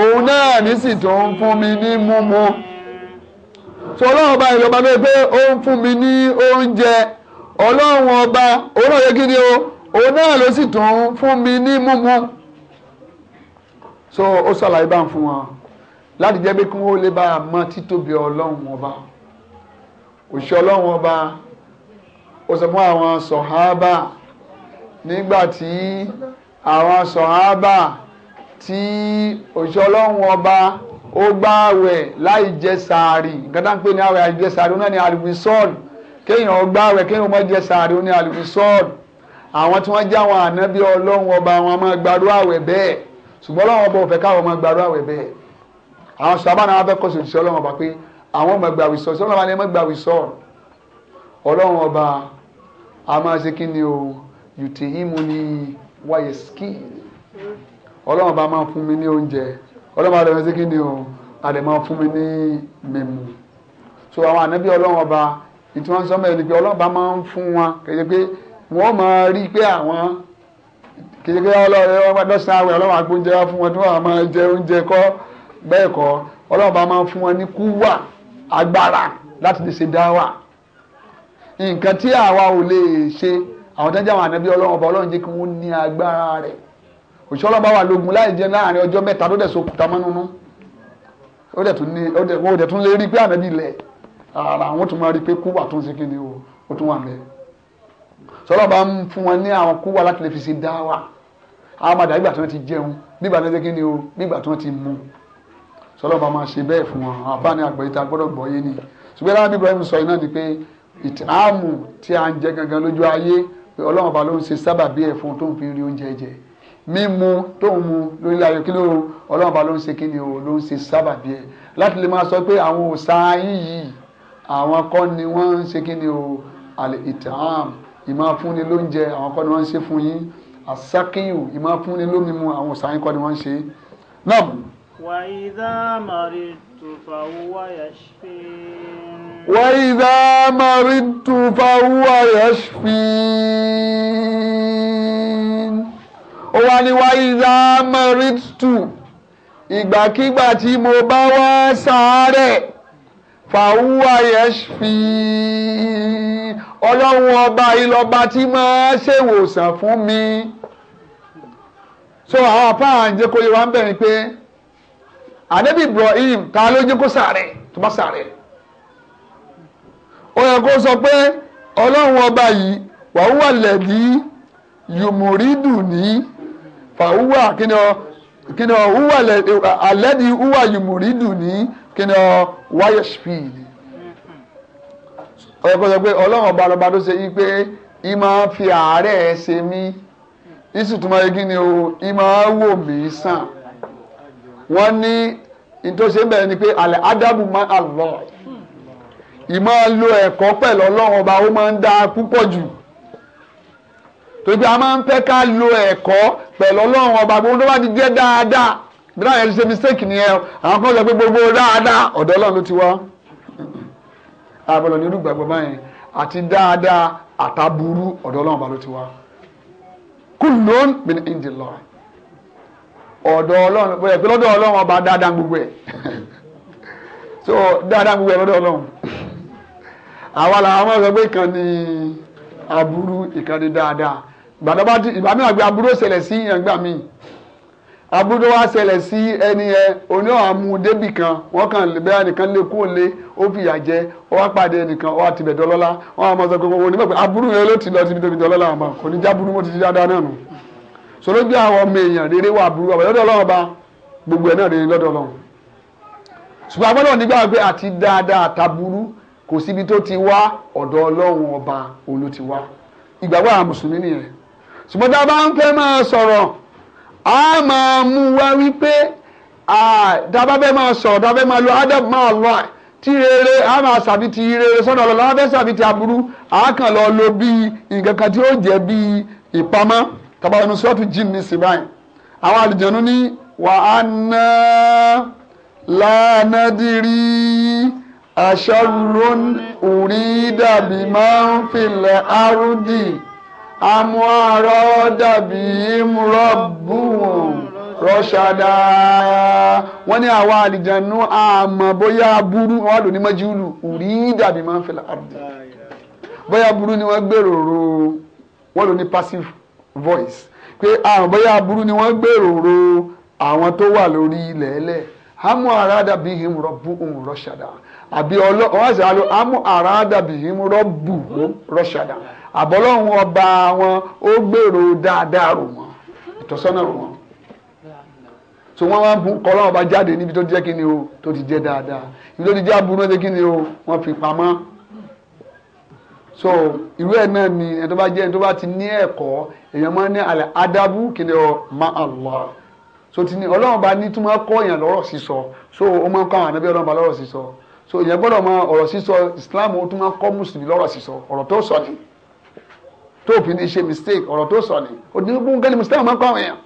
òun náà ní sì tó ń fún mi ní mímu sọ ọlọ́run ọba yìí lọ́ba tó ṣe pé ó ń fún mi ní oúnjẹ. So, ọlọ́run ọba òun náà yẹ kí ni o òun náà ló sì tún fún mi ní mímu so ó ṣàlàyé bá ń fún wọn láti jẹ́ pé kí wọ́n lè bá a mọ títóbi ọlọ́run ọba òṣìṣẹ́ ọlọ́run ọba ó sọ fún àwọn sọ̀háábà nígbà tí àwọn sọ̀háábà tí òṣìṣẹ́ ọlọ́run ọba ó gbààwẹ̀ láì jẹ sàárì nǹkan tá ń pè ní àwẹ̀ àìjẹsàárì ó náà ní àlùmísọ́ọ̀lù kéèyàn gbá rẹ̀ kéèyàn má jẹ sàárè ó ní àlùfíṣọ́ọ̀dù àwọn tí wọ́n já wọn ànábí ọlọ́run ọba wọn máa gbàdúrà àwẹ̀ bẹ́ẹ̀ ṣùgbọ́n ọlọ́run ọba ò fẹ́ káwọn máa gbàdúrà àwẹ̀ bẹ́ẹ̀ àwọn sábà náà fẹ́ kọ́ sòṣìṣẹ́ ọlọ́run ọba pé àwọn ọmọ gbàwí sọ sọlọ́run alẹ́ gbàwí sọ ọlọ́run ọba a máa ṣe kí ni o yùtì ímú ni wáyé skí ọlọ́run ọba máa fún mi ní oúnjẹ ọlọ́run ọba máa ni o àdè máa fún mi ní mímu so àwọn ànábí ọlọ́run ọba ìtí wọ́n sọ mẹ́rin pé ọlọ́ba máa ń fún wọn kéde pé wọ́n máa rí pé àwọn kéde pé ọlọ́rẹ́ wọn dọ́sán àwẹ̀ ọlọ́run àgbo oúnjẹ fún wọn tí wọ́n máa jẹ oúnjẹ kọ́ bẹ́ẹ̀ kọ́ ọlọ́ba máa fún wọn ní kúwà agbára láti lè ṣe dáwà nǹkan tí àwa ò lè ṣe àwọn tó ń jẹ́ àwọn ànábí ọlọ́run ọba ọlọ́run jẹ́ kí wọ́n ní agbára rẹ̀ òṣìṣẹ́ ọlọ́ba wà ara àwọn tó máa rí i pé kúwà tó ń ṣe kíni o ó tún wà mẹ́ẹ̀. sọ́lá bá ń fún wọn ní àwọn kúwà láti lè fi ṣe dá wa àwọn máa dàgbà tí wọ́n ti jẹun nígbà tó ń ṣe kíni o nígbà tí wọ́n ti mu sọ́lá bá máa ṣe bẹ́ẹ̀ fún wọn àbá ní àgbẹ̀ ìta gbọ́dọ̀ gbọ́ yé ni ṣùgbọ́n láwọn bí Ibrahim sọ iná ni pé ìtààmù tí a ń jẹ gangan lójú ayé Ọlọ́run bá ló ń ṣe sábàbí ẹ̀ fún tó ń fi rí oúnjẹ jẹ mímu tó ń mu lórí ayọ̀ kí ló ọlọ́run bá ló ń ṣe kí ni o ló ń ṣe sábàbí ẹ̀ láti lè máa sọ pé àwọn òòsàn ayé yìí àwọn kọ́ ni wọ́n ń ṣe kí ni o àlè ìtàn ìmọ̀ fúnni lóúnjẹ àwọn kọ́ ni wọ́n ń ṣe fún yín àsákìyù ìmọ̀ fúnni lómi mu àwọn òsàn kọ́ ni wọ́n ń ṣe náà. wa idha maritu fa huwa yashfin. wa idha maritu fa huwa yashfin. ó wá ní wa idha maritu ìgbàkigbà tí mo bá wá sàárẹ̀ fàwúwà yẹ́sùfì ọlọ́run ọba ìlọba tí máa ṣèwòsàn fún mi so àwọn apá àǹjẹ́ kò yẹ ń bẹ̀rẹ̀ pé ànábì Ibrahim ta ló jẹ́ kó sàárẹ̀ tó bá sàárẹ̀ ó yẹ kó sọ pé ọlọ́run ọba yìí wàhúwà lẹ̀dí yùmùrídù ní fàwúwà kí ni ọ húwà lẹ̀dí húwà yùmùrídù ní kí ni ọ wáyé speed ọ̀rọ̀ sọ pé ọlọ́run ọba lọba tó ṣe yí pé ì máa fi àárẹ̀ ṣe mí ìsì tó kí ni o ì máa wò mí sàn wọ́n ní ìtòsí bẹ̀rẹ̀ ni pé àlẹ́ ádámù máa àlọ́ ìmọ̀ lo ẹ̀kọ́ pẹ̀lú ọlọ́run ọba ó máa ń dáa púpọ̀ jù torí pé a máa ń fẹ́ ká lo ẹ̀kọ́ pẹ̀lú ọlọ́run ọba gbogbo tó bá ti jẹ́ dáadáa bí láwọn yẹn ti ṣe mistake nìyẹn àwọn kan sọ pé gbogbo dáadáa ọ̀dọ̀ ọlọ́run ló ti wá àbọ̀lọ̀ ní olùgbàgbọ́ báyẹn àti dáadáa àtàbúrú ọ̀dọ̀ ọlọ́run bá ló ti wá kullun min indillah ọ̀dọ̀ ọlọ́run bóyá pé lọ́dọ̀ ọlọ́run ọba dáadáa gbogbo ẹ̀ so dáadáa gbogbo ẹ̀ lọ́dọ̀ ọlọ́run àwa làwọn ọmọ ọ̀sẹ̀ pé ìkan ni aburú ìkan ni dáadáa ìgbàdàbà ìgbà mìíràn gbé aburú ṣẹlẹ̀ sí ìyàn míì abudu wa ṣẹlẹ̀ sí ẹni ẹ oní àmú débì kan wọ́n kàn lè bẹ́ẹ̀ nìkan lè kú òlé ó fìyà jẹ ó wá pàdé nìkan ó wá tibẹ̀ dọlọ́lá wọ́n á máa sọ pé wọ́n ní bẹ́ẹ̀ aburú yẹn ló ti lọ síbi tóbi dọlọ́lá àmọ́ kò ní jábúrú mo ti di dáadáa náà nù. sọlá bí àwọn ọmọ èèyàn rere wà burú àbẹ̀ lọ́dọ̀ ọlọ́run ba gbogbo ẹ̀ náà rere lọ́dọ̀ ọlọ́run. ṣùgbọ́n agbọ́dọ̀ a máa mú wá wípé dábà fẹ́ máa sọ̀rọ̀ dábà fẹ́ máa lo adam máa lọ tí rere a máa sàbí ti rere sọ́dọ̀ ọ̀lọ́ láwọn fẹ́ sàbí ti aburú a kàn lọ lo bíi nǹkan kan tí ó jẹ́ bíi ìpamọ́ tàbá ẹnu sọ́ọ̀tù jìn ní sibáyì àwọn àlùjọ̀nú ní wà á ná lánàdìrí àṣàrùn òrí dàbí máa ń filẹ̀ árúdì. àmú àárọ̀ dàbí rọ́bùn rọ́ṣàdá wọ́n ní àwọn àlìjànú àmọ́ bóyá burú wọ́n lò ní mọ́júlù rí dàbí máa ń fẹ́ àrùdì bóyá burú ni wọ́n gbèrò ro wọ́n lò ní passive voice pé àmọ́ bóyá burú ni wọ́n gbèrò ro àwọn tó wà lórí ilẹ̀ ẹlẹ́ẹ̀ hamu arada bihim rabbuhum rashada àbí ọlọ́run wá sí àlọ́ hamu arada bihim rabbuhum rashada àbọ́lọ́hún ọba wọn ó gbèrò dáadáa rò wọ́n ìtọ́sọ́nà rò wọ́n so wọ́n wá bu kọ́lọ́hún ọba jáde níbi tó ti jẹ́ kíni o tó ti jẹ́ dáadáa ibi tó ti jẹ́ aburú náà kíni o wọ́n fi pamọ́ so irú ẹ̀ náà ni ẹni tó bá jẹ́ ẹni tó bá ti ní ẹ̀kọ́ èèyàn máa ní alẹ́ adábú kíni o ma Allah so ti ní ọlọ́run bá ní túmọ̀ kọ́ èèyàn lọ́rọ̀ sísọ so ó máa ń kọ́ àwọn ànábẹ́ ọlọ́run bá lọ́rọ̀ sísọ so èèyàn gbọ́dọ̀ mọ ọ̀rọ̀ sísọ Islam ó tún máa kọ́ mùsùlùmí lọ́rọ̀ sísọ ọ̀rọ̀ tó sọ ni tó fi ní ṣe mistake ọ̀rọ̀ tó sọ ni onígbùn gẹ́lì mistake máa ń kọ́ àwọn èèyàn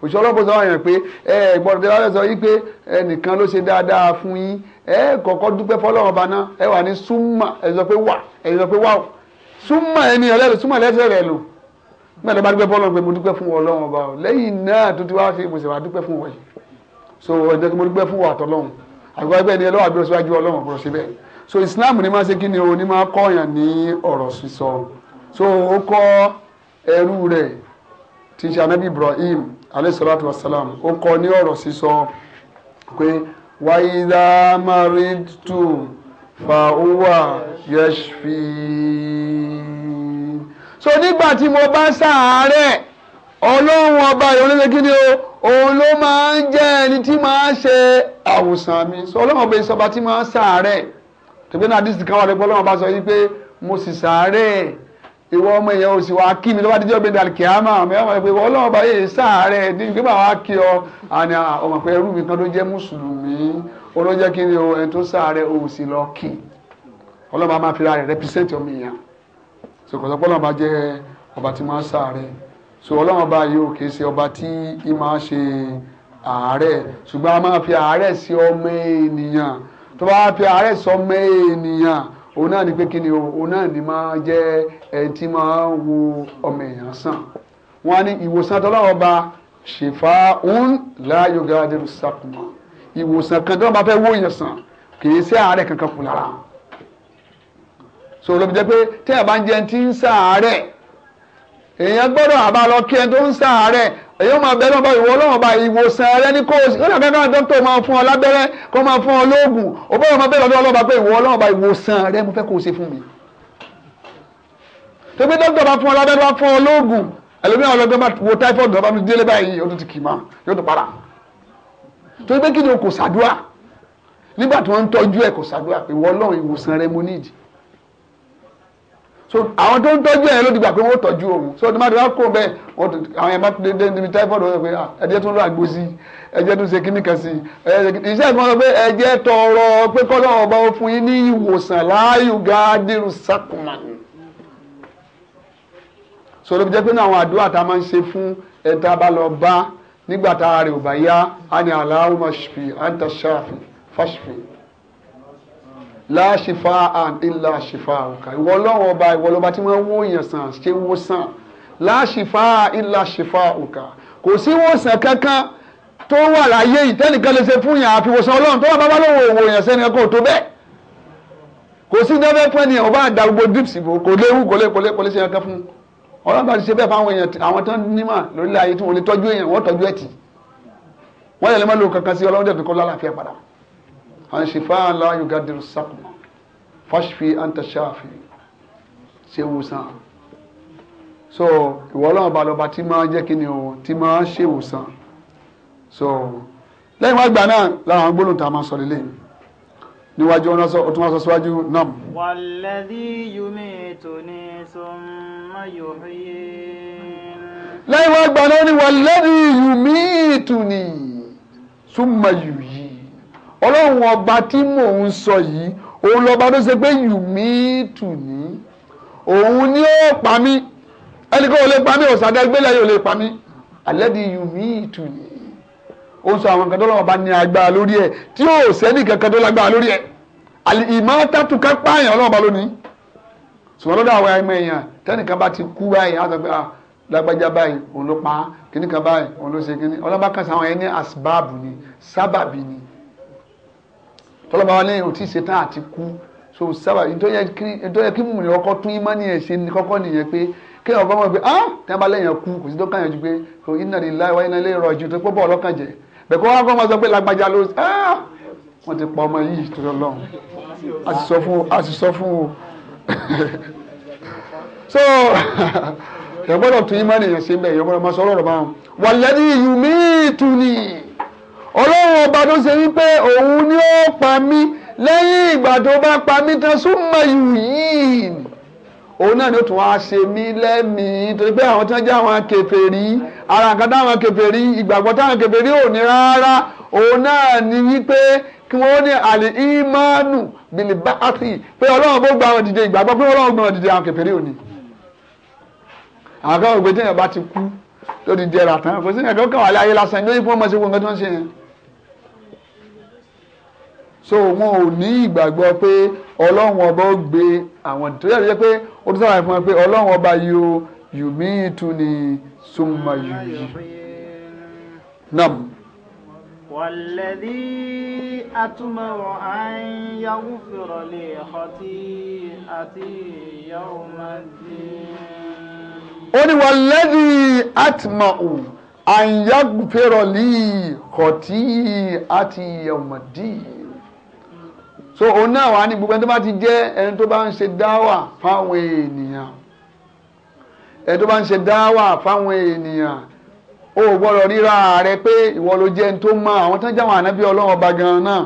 òṣìṣẹ́ ọlọ́pàá sọ yẹn pé ẹ ìgbọ́dọ̀ tí wọ́n sọ yìí pé ẹnìkan ló ṣe dáadáa fún yín ẹ kọ́kọ́ dúpẹ́ fọlọ́run ọba náà ẹ wà ní súnmà ẹ sọ pé wà ẹ sọ pé wà ó súnmà ẹni ẹlẹ́lu súnmà lẹ́sẹ̀ rẹ̀ lò mẹ́ta bá dúpẹ́ fọlọ́run pé mo dúpẹ́ fún ọlọ́run ọba o lẹ́yìn náà tó ti wá ṣe mo sì wá dúpẹ́ fún wọ̀nyí so ẹ̀jẹ̀ kí mo dúpẹ́ fún àtọ́lọ́run àgbà ẹgbẹ́ ni ẹlọ́wà bí wọ́n síwájú ọlọ́run ọ̀pọ̀ so Islam ni máa ṣe kí ni o ní máa kọ́ ọ̀yàn ní ọ̀rọ̀ sísọ so O kọ́ ẹrú rẹ̀ tí ṣe anabi Ibrahim alayhisalatu wasalam O kọ́ ní ọ̀rọ̀ sísọ pé wáyídá maritu fàáwà yẹsùfì. so nígbà tí mo bá ṣàárẹ̀ ọlọ́run ọba ìrọ̀lẹ́sẹ̀ kí ni o òun ló máa ń jẹ́ ẹni tí máa ń ṣe àwòsàn mi so ọlọ́run ọba ìṣọba tí máa ń ṣàárẹ̀ tẹ̀gbẹ́ náà dísìkà wà lẹ́gbẹ́ ọlọ́run ọba sọ yìí pé mo sì ṣàárẹ̀ ìwọ ọmọ èèyàn ò sì wá kí mi lọ́wọ́ díjọ́ bẹ́ẹ̀ dàlí kìámà àmì ọmọ ẹ̀ pé ìwọ ọlọ́run bá yẹ sáàárẹ̀ ní ìgbé bá wá kí ọ àní ọmọ pé ẹrú mi kan ló jẹ́ mùsùlùmí olójẹ́ kí ni o ẹni tó sáàárẹ̀ o sì lọ kí ọlọ́run bá máa fi ra rẹ̀ represent ọmọ èèyàn sọkọ̀sọ́ pọ́lọ́run bá jẹ́ ọba tí máa sáàárẹ̀ so ọlọ́run bá yìí ò kìí ṣe ọba tí ì máa ṣe àárẹ̀ ṣùgbọ́n a máa fi àárẹ̀ òun náà ni pé kí ni o òun náà ni máa jẹ́ ẹni tí máa ń wo ọmọ èèyàn sàn wọn á ní ìwòsàn tọ́lọ́wọ́ ba ṣèfà òun láàyò gàdérù sàkùnmọ́ ìwòsàn kan tí bá fẹ́ wó èèyàn sàn kì í sí àárẹ̀ kankan kù lára sọ̀rọ̀ bí pé tí ẹ̀ bá ń jẹun tí ń sàárẹ̀ èèyàn gbọ́dọ̀ àbá kí ẹni tó ń sàárẹ̀ èyí ó máa bẹ lọ́wọ́ ìwọ ọlọ́run bá ìwòsàn rẹ ní kóòsì ó dàgbà káwọn dókítà máa fún ọ lábẹ́rẹ́ kó máa fún ọ lóògùn ó bá wọn bẹ́ẹ̀ lọ́dọ̀ ọlọ́run bá pé ìwọ ọlọ́run bá ìwòsàn rẹ mo fẹ́ kó o ṣe fún mi. tó gbé dókítà bá fún ọ lábẹ́rẹ́ bá fún ọ lóògùn ẹlòmíràn ọlọ́gbọ́n bá wo typhoid bá mi délé báyìí yóò tún ti kì máa yóò tún para. tó gbé kí o kò ṣàdúrà so àwọn tó ń tọ́jú ẹ̀ ló ti gbà pé wọ́n tọ́jú òun so tó má ti wá kó bẹ́ẹ̀ àwọn yẹn bá ti dé níbi typhoid wọ́n sọ pé ẹ̀jẹ̀ tó ń lọ àgbo sí ẹ̀jẹ̀ tó ń ṣe kíní kan sí iṣẹ́ ìgbọ́n sọ pé ẹ̀jẹ̀ tọrọ pé kọ́lọ́ ọba ó fún yín ní ìwòsàn láàyò gáàdìrú sákùnmán. so ló fi jẹ́ pé ní àwọn àdúrà tá a máa ń ṣe fún ẹ̀ta bá lọ bá nígbà tá a rè ò bá yá á ní àlàó máa ṣ láṣìfà àdínlá ṣìfà òkà ìwọ ọlọ́run ọba ìwọ ọlọ́ba tí wọ́n wó yàn sàn ṣé wó sàn láṣìfà ìlà ṣìfà òkà kò sí wòsàn kankan tó wà láyé yìí tẹ́nìkan lè ṣe fún yàn àfi wòsàn ọlọ́run tó wà bábá lówó òwò yàn sẹ́ni kan kò tó bẹ́ẹ̀ kò sí dẹ́fẹ́ fún ẹni ọba àdá gbogbo dips ìbò kò léwu kò lé kò lé kò lé ṣe kankan fún ọlọ́run bá ti ṣe bẹ́ẹ̀ fáwọn àwọn àṣìfà la yugadiru sakuma fashfi anta shafi ṣe wòsàn so ìwọ ọlọ́run ọba lọba tí máa jẹ́ kí ni o tí máa ṣe wòsàn so lẹ́yìn wá gbà náà láwọn gbólóhùn tá a máa sọ lélẹ̀ níwájú ọ̀nà ọ̀tún wá sọ síwájú náà. wàlẹ́dí yumi tòní sọmọ yòóyè. lẹ́yìn wá gbà náà ni wàlẹ́dí yumi tòní sọmọ yòóyè ọlọ́run ọba tí mò ń sọ yìí òun lọ́ba tó ṣe pé yùmí tù ní òun ni ó pa mí ẹni kó o lè pa mí òsàdá gbélé yóò lè pa mí àlẹ́dí yùmí tù ní ó sọ àwọn nǹkan tó lọ́wọ́ bá ní agbára lórí ẹ̀ tí ó sẹ́ni kankan tó lágbára lórí ẹ̀ ìmọ̀ tàtúkà pààyàn ọlọ́wọ́ bá lónìí ṣùgbọ́n lọ́dọ̀ àwọn ẹ̀mọ èèyàn tẹ́nìkan bá ti kú báyìí á pé ah, lágbájá báyìí òun ló pa á báyìí òun ló ṣe kíní ọlọ́ba kan sáwọn ẹni asbáàbù ni sábàbí ni tọ́lọ́ba wa lẹ́yìn òtí ṣetán àti kú so sábà ìtọ́jẹ́ kí mùmìnira ọkọ̀ tún ìmánì ẹ̀ ṣe ní kọ́kọ́ nìyẹn pé kí ọkọ̀ mọ̀ pé ah tí wọ́n bá lẹ́yìn kú kò sí tó kàn yẹn ju pé so iná ní láìwá iná ilé ìrọ̀jú tó pọ̀ ọlọ́kàn jẹ bẹ̀kọ́ wọn kọ́ máa sọ pé lágbájá ló ah wọ́n ti pa ọmọ yìí tó lọ́n a sì sọ fún o so ẹ̀ gbọ́dọ̀ tún ìmánì ẹ̀ ṣe bẹ́ẹ̀ ẹ̀ gbọ́dọ̀ máa sọ ọ̀rọ̀ ọlọ́run ọba tó ṣe wípé òun ni ó pa mí lẹ́yìn ìgbà tó bá pa mí tán súnmọ́ yìí òun náà ni ó tún wá ṣe mí lẹ́mìí torí pé àwọn tí wọ́n jẹ́ àwọn kèfèrí ara nǹkan táwọn kèfèrí ìgbàgbọ́ táwọn kèfèrí ò ní rárá òun náà ni wípé kí wọ́n ní àlè ìmánù bilibati pé ọlọ́run bó gba àwọn dìde ìgbàgbọ́ pé ọlọ́run gba àwọn dìde àwọn kèfèrí ò ní. àwọn kan gbé téèyàn bá ti kú tó ti jẹrà tán kò sí ẹ̀dọ́ kàn wà láyé lásán lóyún fún ọmọ sí gbogbo nǹkan tó so wọn ò ní ìgbàgbọ́ pé ọlọ́run ọba ó gbé àwọn tó yẹ pé ó tún sábà fún wọn pé ọlọ́run ọba yìí o yùmí tún ni súnmọ́ yìí. nam. والذي أطمع أن يغفر لي خطيئتي يوم الدين ó ní wà lẹ́dí àtìmọ̀ù àyàgbèrọ̀lì kọ̀tí àti ọ̀mọ̀dí. so òun náà wà ní gbogbo ẹni tó bá ti jẹ́ ẹni tó bá ń ṣe dáwà fáwọn ènìyàn ẹni tó bá ń ṣe dáwà fáwọn ènìyàn o gbọ́dọ̀ ríra rẹ pé ìwọ ló jẹ́ ẹni tó mọ àwọn tó ń jáwọn ànábí ọlọ́run ọba gan-an náà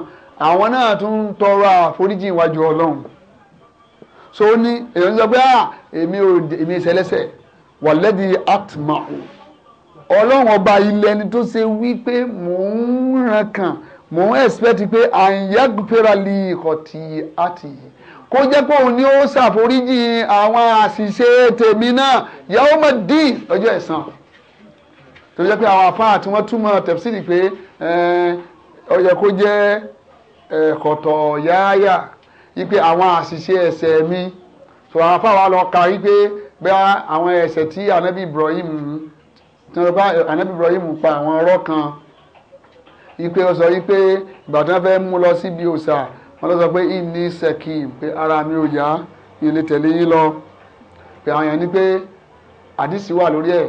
àwọn náà tún ń tọrọ àforíjì iwájú ọlọ́run so ó ní èèyàn ń sọ pé ah èmi ò èmi ìṣẹlẹ́sẹ̀ wọ̀lẹ́dì atmau ọlọ́run ọba ilẹ̀ ni tó ṣe wí pé mò ń ràn kàn mò ń ẹ̀sìpẹ́tì pé àyàgbéraàlì ìkọ̀tì àti kó jẹ́ pé òun ni ó ṣàforíjì àwọn àṣìṣe tèmi náà yàwó mọ̀ dí ọjọ́ ẹ̀san tó jẹ́ pé àwọn afáà tí wọ́n túmọ̀ tẹ̀síìlì pé eh, ó kó jẹ́ ẹ̀kọ̀tọ̀ eh, yáyà wípé àwọn àṣìṣe ẹ̀ṣẹ̀ mi tó àwọn afáà wa lọ ka wípé pé àwọn ẹ̀ṣẹ̀ tí anabi Ibrahim tí wọ́n bá anabi Ibrahim pa àwọn ọ̀rọ̀ kan ipe ó sọ wípé ìgbà tí wọ́n fẹ́ mú lọ síbi òòṣà wọ́n lọ sọ pé ìní sẹ́kìm pé ara mi ò yá ilé tẹ̀lé yín lọ pé àwọn èèyàn ní pé àdìsí wà lórí ẹ̀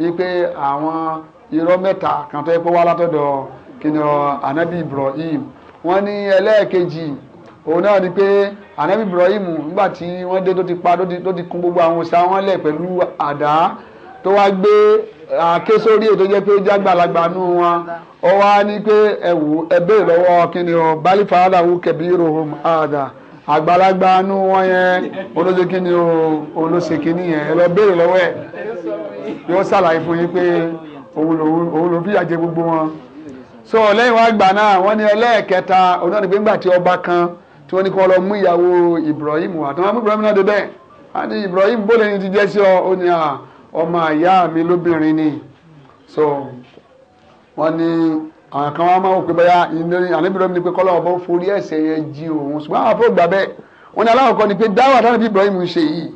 wípé àwọn irọ́ mẹ́ta kan tó yẹ pé wá látọ̀dọ̀ kí ni anabi Ibrahim wọ́n ní ẹlẹ́ẹ̀kejì òun náà ni pé anabi ibrahim nígbà tí wọ́n dé tó ti pa tó ti kún gbogbo àwọn òòṣà wọn lẹ̀ pẹ̀lú àdá tó wá gbé àáké sórí ètò jẹ́ pé jágbàlagbà nù wọn ó wá ní pé ẹ̀wù ẹ̀bẹ̀ lọ́wọ́ kíni o bali fàdà wù kẹ̀bí rohom àdà àgbàlagbà nù wọn yẹn olóṣè kíni o olóṣè kíni yẹn ẹ lọ béèrè lọ́wọ́ ẹ̀ yóò ṣàlàyé fún yín pé òun ló fìyà jẹ gbogbo wọn so lẹ́yìn wá gbà náà wọ́n ní ẹlẹ́ẹ̀kẹta onáà nígbà tí ọba kan tí wọ́n ní kí wọ́n lọ mú ìyàwó Ibrahim wá tí wọ́n mú Ibrahim náà dé bẹ́ẹ̀ á ní Ibrahim bó lẹ́ni ti jẹ́ sí ọ ó ní ọmọ àyá mi lóbìnrin ni so wọ́n ní àwọn kan wá máa wò pé báyà àní Ibrahim ni pé kọ́lọ́ ọ̀bọ forí ẹ̀ṣẹ̀ yẹn jì òun ṣùgbọ́n àwọn àfọ̀ gbà bẹ́ẹ̀ wọ́n ní aláwọ̀kọ́ ni pé dáwà táwọn ibi Ibrahim ń ṣe yìí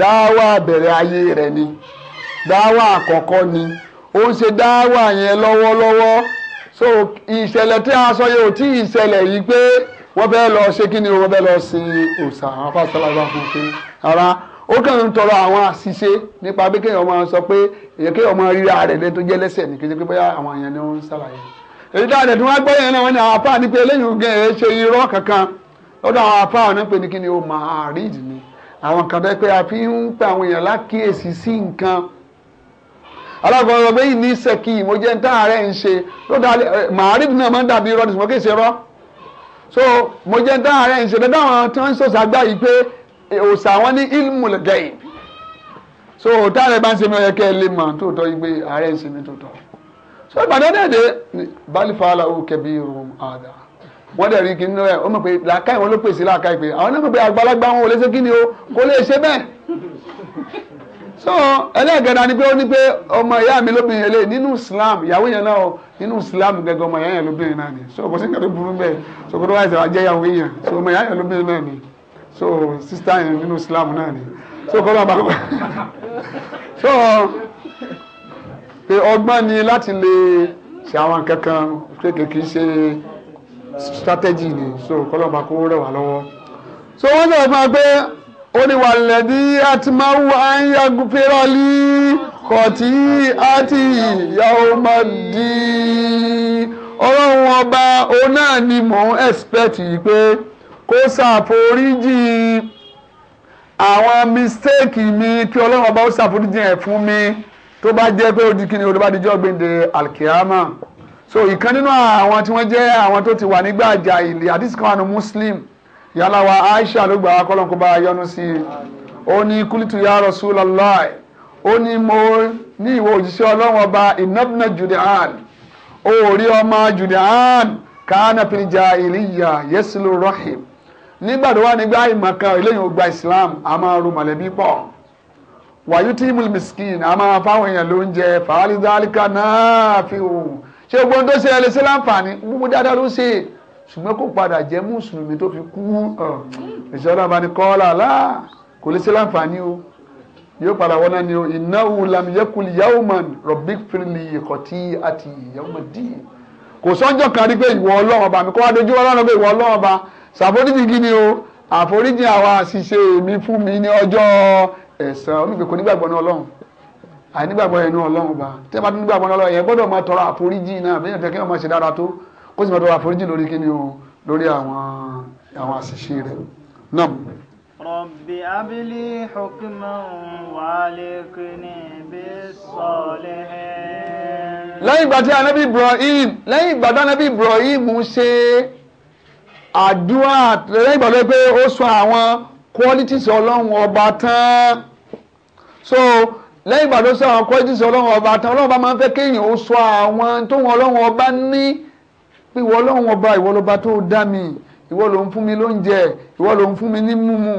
dáwà bẹ̀rẹ̀ ayé rẹ̀ ni dáwà àkọ́kọ́ ni ó ń ṣe dáwà yẹn lọ́wọ́lọ́wọ́ so ìṣẹ̀lẹ̀ tí a sọ yóò tí ìṣẹ̀lẹ̀ yìí pé wọ́n bẹ́ẹ̀ lọ ṣe kí ni wọ́n bẹ́ẹ̀ lọ sin òòsà àwọn afáṣọlá fún un ara ó kàn ń tọrọ àwọn àṣìṣe nípa pé kéèyàn máa sọ pé èyàn kéèyàn máa ríra rẹ̀ lẹ́tọ́ jẹ́ lẹ́sẹ̀ ní kéde pé àwọn èèyàn ni wọ́n ń ṣàlàyé èyí tá a dẹ̀ tí wọ́n gbọ́ náà wọ́n ní àwọn apá ni pé eléyìí ń gẹ̀ ṣe irọ́ kankan lọ́dọ̀ àwọn apá ọ̀nà pé ní kí ni o máa rí ìdí ni àwọn kan tẹ́ pé a fi ń pe àwọn èèyàn lákìyèsí sí nǹkan alákọ̀ọ́ pé ìní sẹ́kì mo jẹ́ ń tá àárẹ̀ ń ṣe lọ́dọ̀ màá rí ìdí so mo jẹ́ dá ara ẹ̀ ń ṣe bẹ́ẹ̀ dáwọn tí wọ́n ń sọ̀sọ̀ agbá yìí pé eh, òòsà wọn ní ilmul ghaib so táàrẹ̀ bá ń ṣe mi ọ̀yẹ́ kẹ́ ẹ lè mọ̀ tóòtọ́ yìí pé ara ẹ̀ ń ṣe mi tóòtọ́ so ìbàdàn dẹ́ẹ̀dẹ́ balifala ó kẹbi irun àdá wọ́n dẹ̀ rí kí nínú ẹ̀ ó mọ̀ pé làákàyè wọn ló pèsè làákàyè pé àwọn náà mọ̀ pé àgbàlagbà wọn ò lè ṣe kí o kò lè ṣe bẹ́ẹ̀ so ẹlẹ́gẹ̀dá ni pé ó ní pé ọmọ ìyá mi lóbìnrin eléyìí nínú Islam ìyàwó yẹn náà nínú Islam gẹ́gẹ́ ọmọ ìyá yẹn lóbìnrin náà ni so kò sí nǹkan tó burú so kò tó wáyé sẹ́wà jẹ́ ìyàwó yẹn so ọmọ ìyá yẹn lóbìnrin náà ni so sista yẹn nínú Islam náà ni so kọ́ bàbá so pé ọgbọ́n ni láti lè ṣe àwọn kankan kékeré kì í ṣe strategy ni so kọ́ lọ́ba kó rẹ̀ lọ́wọ́ so wọ́n náà máa gbé ó ní wà lẹ́dí àtìmáwù àyàgùfẹ́rọ́lì kọ̀tí àti ìyàwó máa di ọlọ́run ọba òun náà ni mò ń expect yìí pé kó ṣàforíjì àwọn mistake mi kí ọlọ́run ọba ó ṣàforíjì ẹ̀ fún mi tó bá jẹ́ pé ó di kíni olùbá dijọ́ gbèǹde alkiyama so ìkan nínú àwọn tí wọ́n jẹ́ àwọn tó ti wà nígbà àjà ìlì àdìsíkan àwọn muslim yàrá wa Aisha ló gbà wá kọ́lọ́n kó bá a yọ́nú sí i ó ní kúlítù ya Rasulullah ó ní mo ní ìwọ òjíṣẹ́ ọlọ́run ọba ìnábìnà Judean ó rí ọmọ Judean kánà pìlìjà ìlíyà yẹsùlù rahim nígbà tó wà nígbà ìmọ̀kan eléyìí ó gba Islam a máa ru mọ̀lẹ́bí pọ̀ wàyú tí mùsùlùmí a máa fáwọn èèyàn ló ń jẹ fàálì dálíkà náà fi hù ṣé gbogbo tó ṣe ẹ lè ṣe láǹfààní gbogbo dáadáa ló ṣe é ṣùgbọ́n kò padà jẹ́ mùsùlùmí tó fi kú ẹ̀ṣẹ́ ọlọ́run bá ní kọ́ọ́lá láà kò lè ṣe láǹfààní o yóò padà wọ́n náà ni o ìnáwó lamiyekul yauman rọ̀bí fìlì ìkọ̀tí àti ìyàwómọ̀dì kò sọ́jọ́ kan rí pé ìwọ ọlọ́run ọba mi kọ́ adójú ọlọ́run pé ìwọ ọlọ́run ọba ṣàforíjì gíní o àforíjì àwa àṣìṣe mi fún mi ní ọjọ́ ẹ̀san olùgbé kò nígbàgbọ́ ní ọlọ́run àìnígbàgbọ́ ẹnu ọlọ́run ọba tẹ́ bá nígbàgbọ́ ní ọlọ́run yẹn gbọ́dọ̀ máa tọrọ àforíjì náà bẹ́ẹ̀ tẹ́ kí wọ́n máa ṣe dára tó kó sì máa tọrọ àforíjì lórí kíni o lórí àwọn àwọn àṣìṣe rẹ̀ náà. Rabbi abili hukman wa alikini bis-salihin. Lẹ́yìn ìgbà tí Anabi Ibrahim lẹ́yìn ìgbà tí Anabi Ibrahim ṣe qualities ọlọ́run ọba so lẹ́yìn ìgbà tó sọ àwọn qualities ọlọ́run ọba tán ọlọ́run ọba máa ń fẹ́ kéèyàn ó sọ àwọn tóun ọlọ́run ọba ní pé ìwọ ọlọ́run ọba ìwọ lọba tó dá mi ìwọ ló ń fún mi lóúnjẹ ìwọ ló ń fún mi ní mímu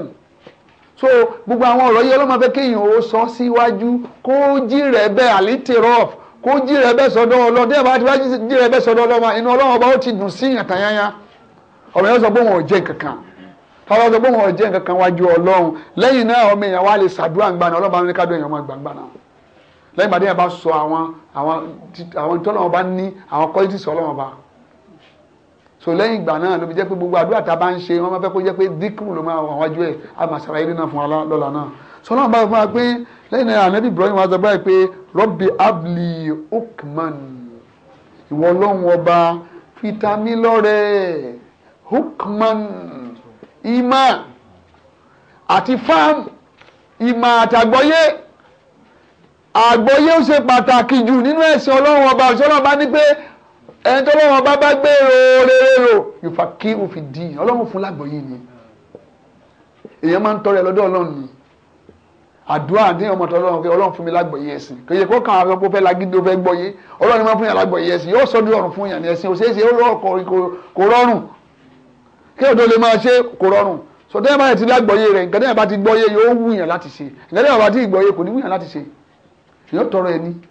so gbogbo àwọn ọ̀rọ̀ yẹn ló máa fẹ́ kéèyàn ó sọ síwájú kó jí rẹ̀ bẹ́ẹ̀ àlítèrọ́f kó jí rẹ̀ bẹ́ẹ̀ sọ́dọ̀ ọlọ́run tí ẹ̀ bá ti wá jí rẹ̀ bẹ́ẹ̀ sọ́dọ̀ ọlọ́run inú ọlọ́run ọba ó ti dùn sí ìyàn tàyányá ọ̀rọ̀ yẹn sọ pé wọn ò jẹ́ kankan tọ́lá sọ pé wọn ò jẹ́ kankan wájú ọlọ́run lẹ́yìn náà ọmọ èèyàn wá lè ṣàdúrà gbàna ọlọ́run bá ní so lẹ́yìn ìgbà náà ló fi jẹ́ pé gbogbo àdúrà tá a bá ń ṣe wọ́n máa fẹ́ kó jẹ́ pé díkùn ló máa wọ́n wájú ẹ̀ a máa náà fún wa lọ́la náà sọlá ń bá fún wa pé lẹ́yìn náà ànábì Ibrahim wa sọ báyìí pé Rabbi abli hukman ìwọ ọlọ́run ọba fitami lọ́rẹ̀ hukman ìmà àti fam ìmà àtàgbọ́yé àgbọ́yé ó ṣe pàtàkì jù nínú ẹ̀sìn ọlọ́run ọba ọ̀ṣọ́lọ́ba ní pé ẹni tó lọ́wọ́ bá bá gbé rere rò ìfà kí o fi di ọlọ́run fún lágbóyè ni èèyàn máa ń tọrẹ lọ́dọ̀ ọlọ́run ni àdúrà ní ọmọ tọ́lọ́ ọ̀hún pé ọlọ́run fún mi lágbọ̀yé ẹ̀sìn kò yẹ kó kàn án fẹ́ lágídó fẹ́ gbọ́yé ọlọ́run máa fún yàn lágbọ̀yé ẹ̀sìn yóò sọ́dún ọ̀run fún yàn ní ẹ̀sìn òṣèṣe kò rọrùn kí òdo lè máa ṣe kò rọrùn sọtẹ́ ẹ̀ bá ti lágbọ̀yé rẹ̀ nǹkan tẹ́yà bá ti gbọ́yé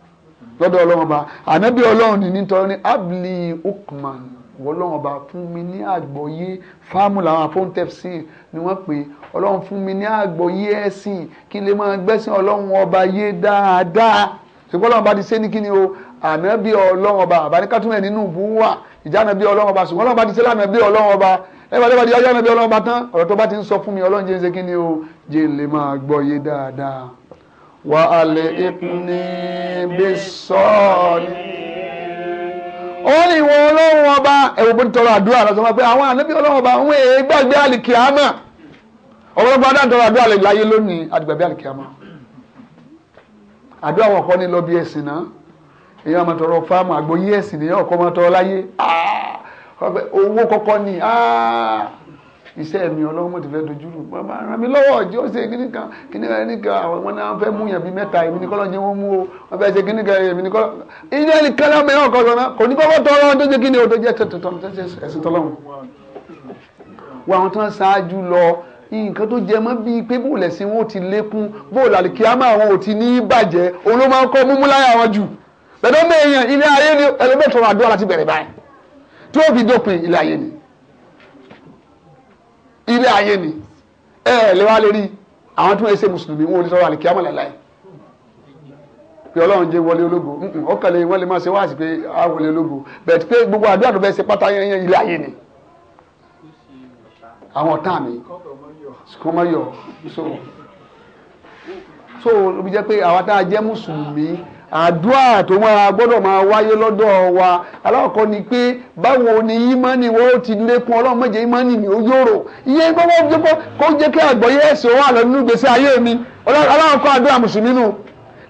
lọ́dọ̀ ọlọ́run ọba ànábì ọlọ́run ní nítorí abli ukman ọlọ́run ọba fún mi ní àgbọ́yé fáàmù làwọn afọ́ńtẹ́fsì ni wọ́n pè ọlọ́run fún mi ní àgbọ́yé ẹ̀sìn kí n lè máa gbẹ́sìn ọlọ́run ọba yé dáadáa ṣùgbọ́n ọlọ́run ọba ti ṣe ní kíni o ànábì ọlọ́run ọba àbáníkàtúmẹ̀ nínú ìbúwà ìjà ànábì ọlọ́run ọba ṣùgbọ́n ọlọ́run ọba ti ṣe lánàbí ọlọ́run ọba ẹgbẹ́ tó wàhálẹ́ẹ̀kùnní bí sọ́ọ̀lì. ó ní ìwọ ọlọ́run ọba ẹ̀wọ̀n bó ti tọrọ àdúrà lọ́sọ̀ máa pé àwọn ànábì ọlọ́run ọba àwọn èè gbàgbé àlìkìámà ọ̀pọ̀lọpọ̀ adáǹ tọrọ àdúrà lè láyé lónìí àdìgbàgbé àlìkìámà. àdúrà wọn kọ́ ní lọ bí ẹ̀sìn náà èyí wọn máa tọrọ fáàmù àgbo ẹ̀sìn nìyẹn ọkọ máa tọrọ láyé ah! owó kọ́kọ́ ni ah! iṣẹ́ mi ọlọ́run mo ti fẹ́ dojú rù bàbá ràn mí lọ́wọ́ jẹ́ ó ṣe kíní kan kíní kan kíní kan àwọn ọmọ náà fẹ́ mú yàn bí mẹ́ta èmi ní kọ́lọ́ jẹ́ wọ́n mú o wọ́n fẹ́ ṣe kíní kan èmi ní kọ́lọ́ ìjẹ́ ní kálá mẹ́rán kan sọ̀rọ̀ kò ní kọ́kọ́ tọrọ tó jẹ́ kíní o tó jẹ́ ẹ̀sìn tọ́lọ́run. wọ́n àwọn tó ń ṣáájú lọ nǹkan tó jẹ mọ́ bíi pé bóòlù ẹ̀sìn wọn ò ti lékún bóòlù àlìkíyàmọ́ àwọn ò ti ní bàjẹ́ òun ló máa ń kọ́ múmú láyà wọn jù bẹ̀rẹ̀ bẹ́ẹ̀ yàn ilé ayé ni ẹlẹ́gbẹ̀ẹ́ tọrọ àdúrà láti bẹ̀rẹ̀ báyìí tí ó fi dópin ilé ayé ni ilé ayé ni ẹ ẹ lè wá lè rí àwọn tí wọ́n ṣe mùsùlùmí wọn ò ní sọ̀rọ̀ àlè kíámà láìláì pé ọlọ́run jẹ́ wọlé ológo ó kàn lè wọ́n lè máa ṣe wáàsí pé a wọlé ológo bẹ̀t pé gbogbo àdúrà tó fẹ́ ṣe pátá yẹn ilé ayé ni àwọn ọ̀tá mi kọ́mọ́yọ̀ so so ló fi jẹ́ pé àwa tá a jẹ́ mùsùlùmí. àdúrà tó máa gbọ́dọ̀ máa wáyé lọ́dọ̀ wa alákọ̀ọ́ ni pé báwo ni ìmánì wọn ó ti lékún ọlọ́run méje ìmánì mi ó yòrò iye gbọ́dọ̀ gbogbo kó jẹ́ kí àgbọ̀yé ẹ̀sìn wà lọ gbèsè ayé mi alákọ̀ọ́ àdúrà mùsùlùmí nù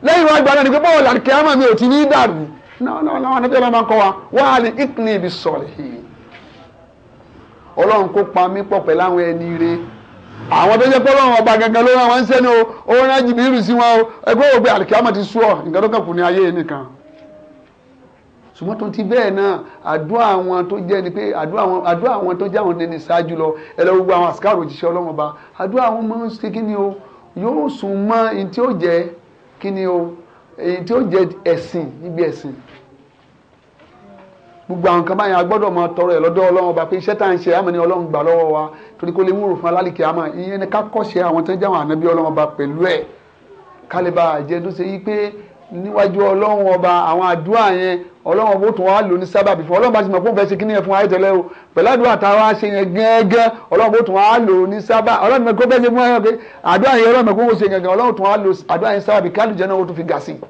lẹ́yìn wá gbàdúrà ni pé báwo làkè ámà mi ò ti ní dàrú náà àwọn tó jẹ́ pé ọlọ́run ọba gangan ló rán wọn ń sẹ́ni o ó rán jìbìrì sí wọn o ẹgbẹ́ òwe àlìkíámọ̀ ti sú ọ nǹkan tó kàn kù ní ayé yìí nìkan ṣùgbọ́n tó ti bẹ́ẹ̀ náà àdúrà àwọn tó jẹ́ ni pé àdúrà àwọn tó jẹ́ àwọn ẹni ṣáájú lọ ẹ lọ gbogbo àwọn àsìkárò òjíṣẹ́ ọlọ́run ọba àdúrà àwọn ọmọ ń ṣe kí o yóò sùn mọ́ ẹni tí ó jẹ́ kí o èyí tí ó jẹ́ ẹ̀sìn níbi ẹ̀sìn gbogbo àwọn kan báyìí a gbọ́dọ̀ máa tọrọ ẹ̀ lọ́dọ̀ ọlọ́run ọba pé iṣẹ́ tá à ń ṣe àmọ́ ni ọlọ́run gbà lọ́wọ́ wa torí kó lè wúrò fún alálìkè àmọ́ ìyẹn ni ká kọ́ṣe àwọn tó ń jẹ́ àwọn ànábí ọlọ́run ọba pẹ̀lú ẹ̀ ká lè bá àjẹ tó ṣe yí pé níwájú ọlọ́run ọba àwọn àdúrà yẹn ọlọ́run ọba ó tún wá lò ní sábàbí fún ọlọ́run bá ti mọ̀ fún fẹ́ kí ni yẹn fún ayé tẹ́lẹ̀ o pẹ̀lú àdúrà tá a wá ṣe yẹn gẹ́gẹ́ ọlọ́run ọba ó tún wá lò ní sábà ọlọ́run mẹ́kọ́ fẹ́ ṣe fún ayé pé àdúrà yẹn ọlọ́run mẹ́kọ́ ó ṣe gẹ́gẹ́ ọlọ́run tún wá lò àdúrà yẹn sábàbí kálùjẹ́ náà ó tún fi gà sí i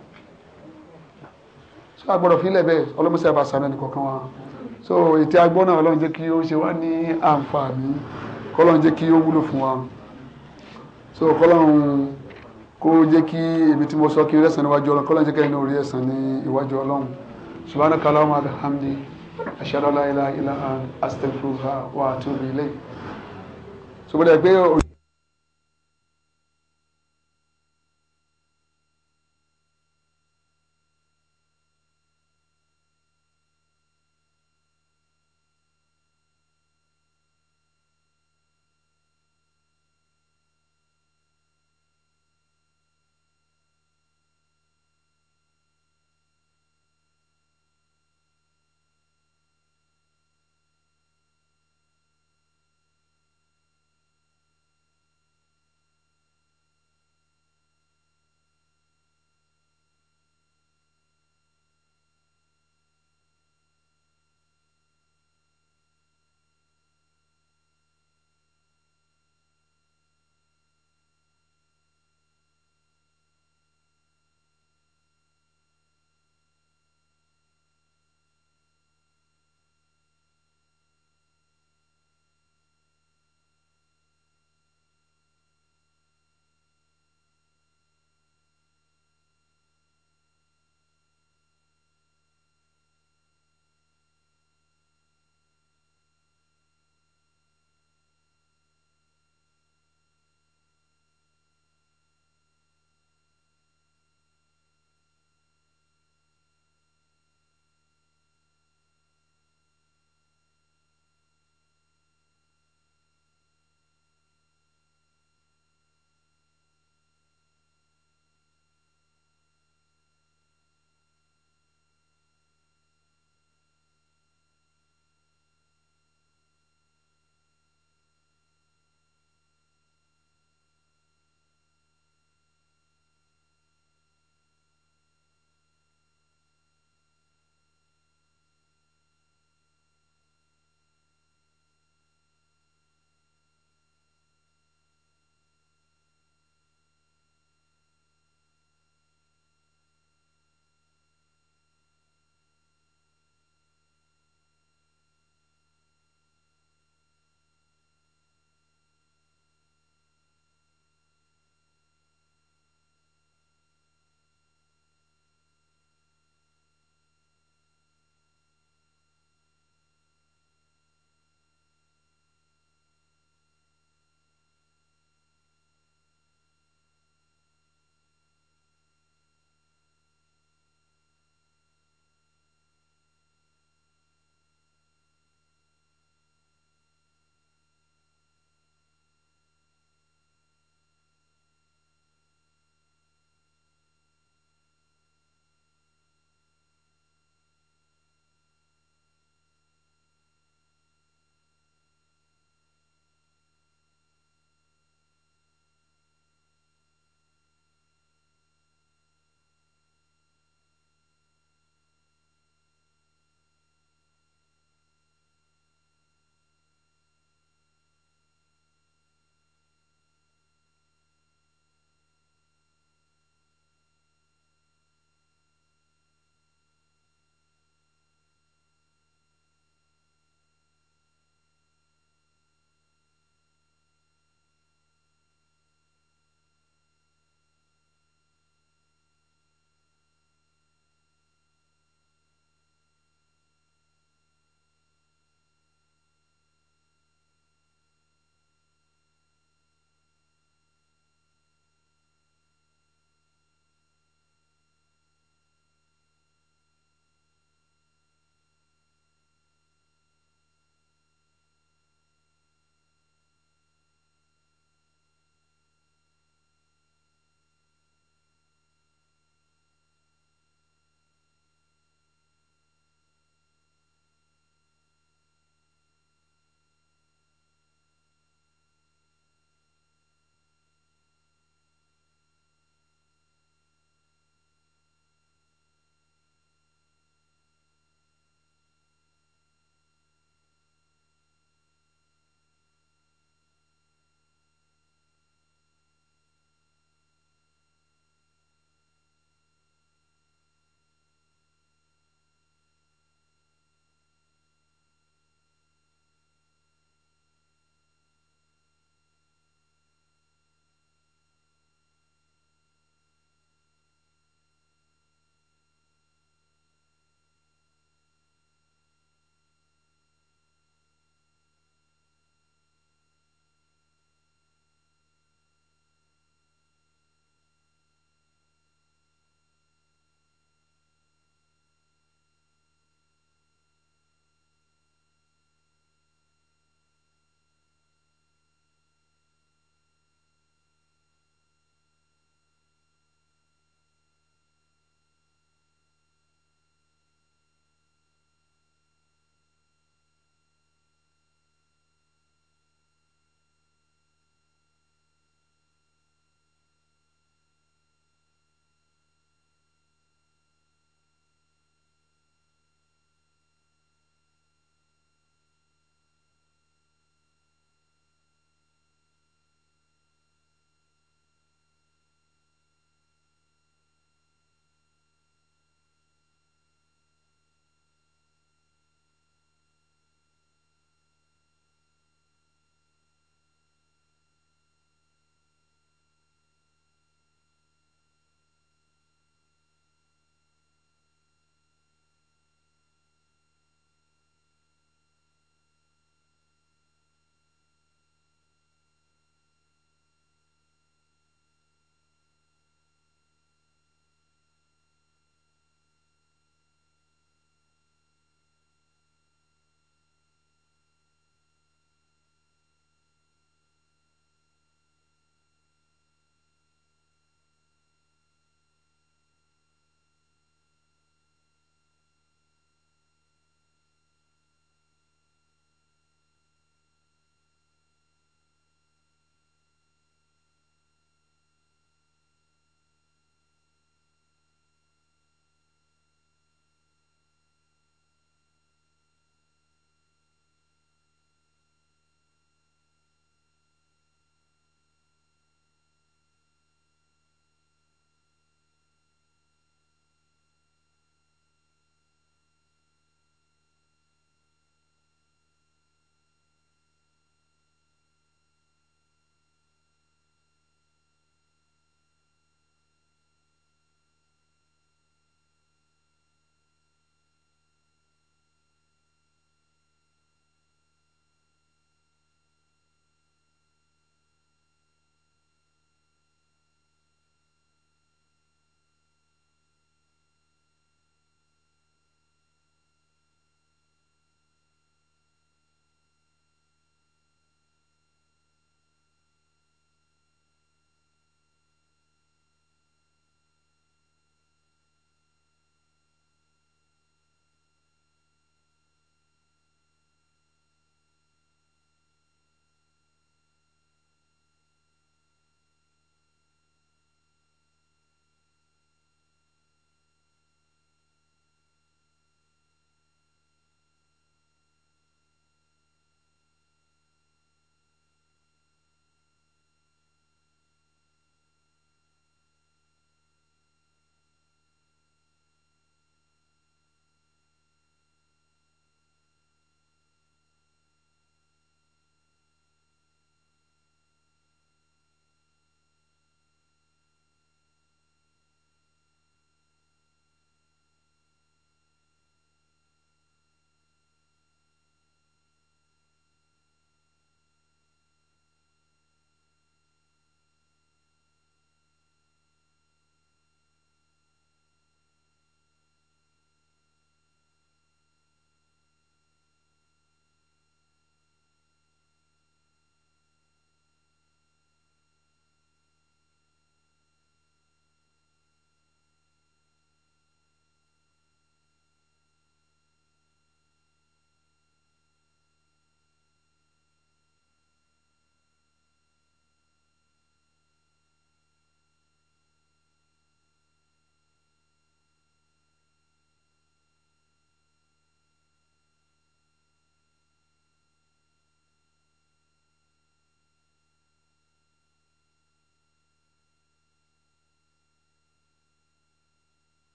so agbọ́dọ̀ fi lẹ́bẹ̀ ọlọ́mọsí àbàṣánà ní kọ̀ọ̀kan wa so ètè agbọ́n náà ọlọ́run jẹ́ kí ó ṣe wá ní àǹfààní kọ́lọ́run jẹ́ kí ó wúlò fún wa so kọ́lọ́run kó jẹ́ kí ibi tí mo sọ kí rẹ́sàn níwájú ọlọ́run kọ́lọ́run jẹ́ kí ẹni orí ẹ̀sàn ní iwájú ọlọ́run subhanaka allahumma bihamdi ashhadu an la ilaha illa anta astaghfiruka wa atubu ilayk so gbọ́dọ̀ pé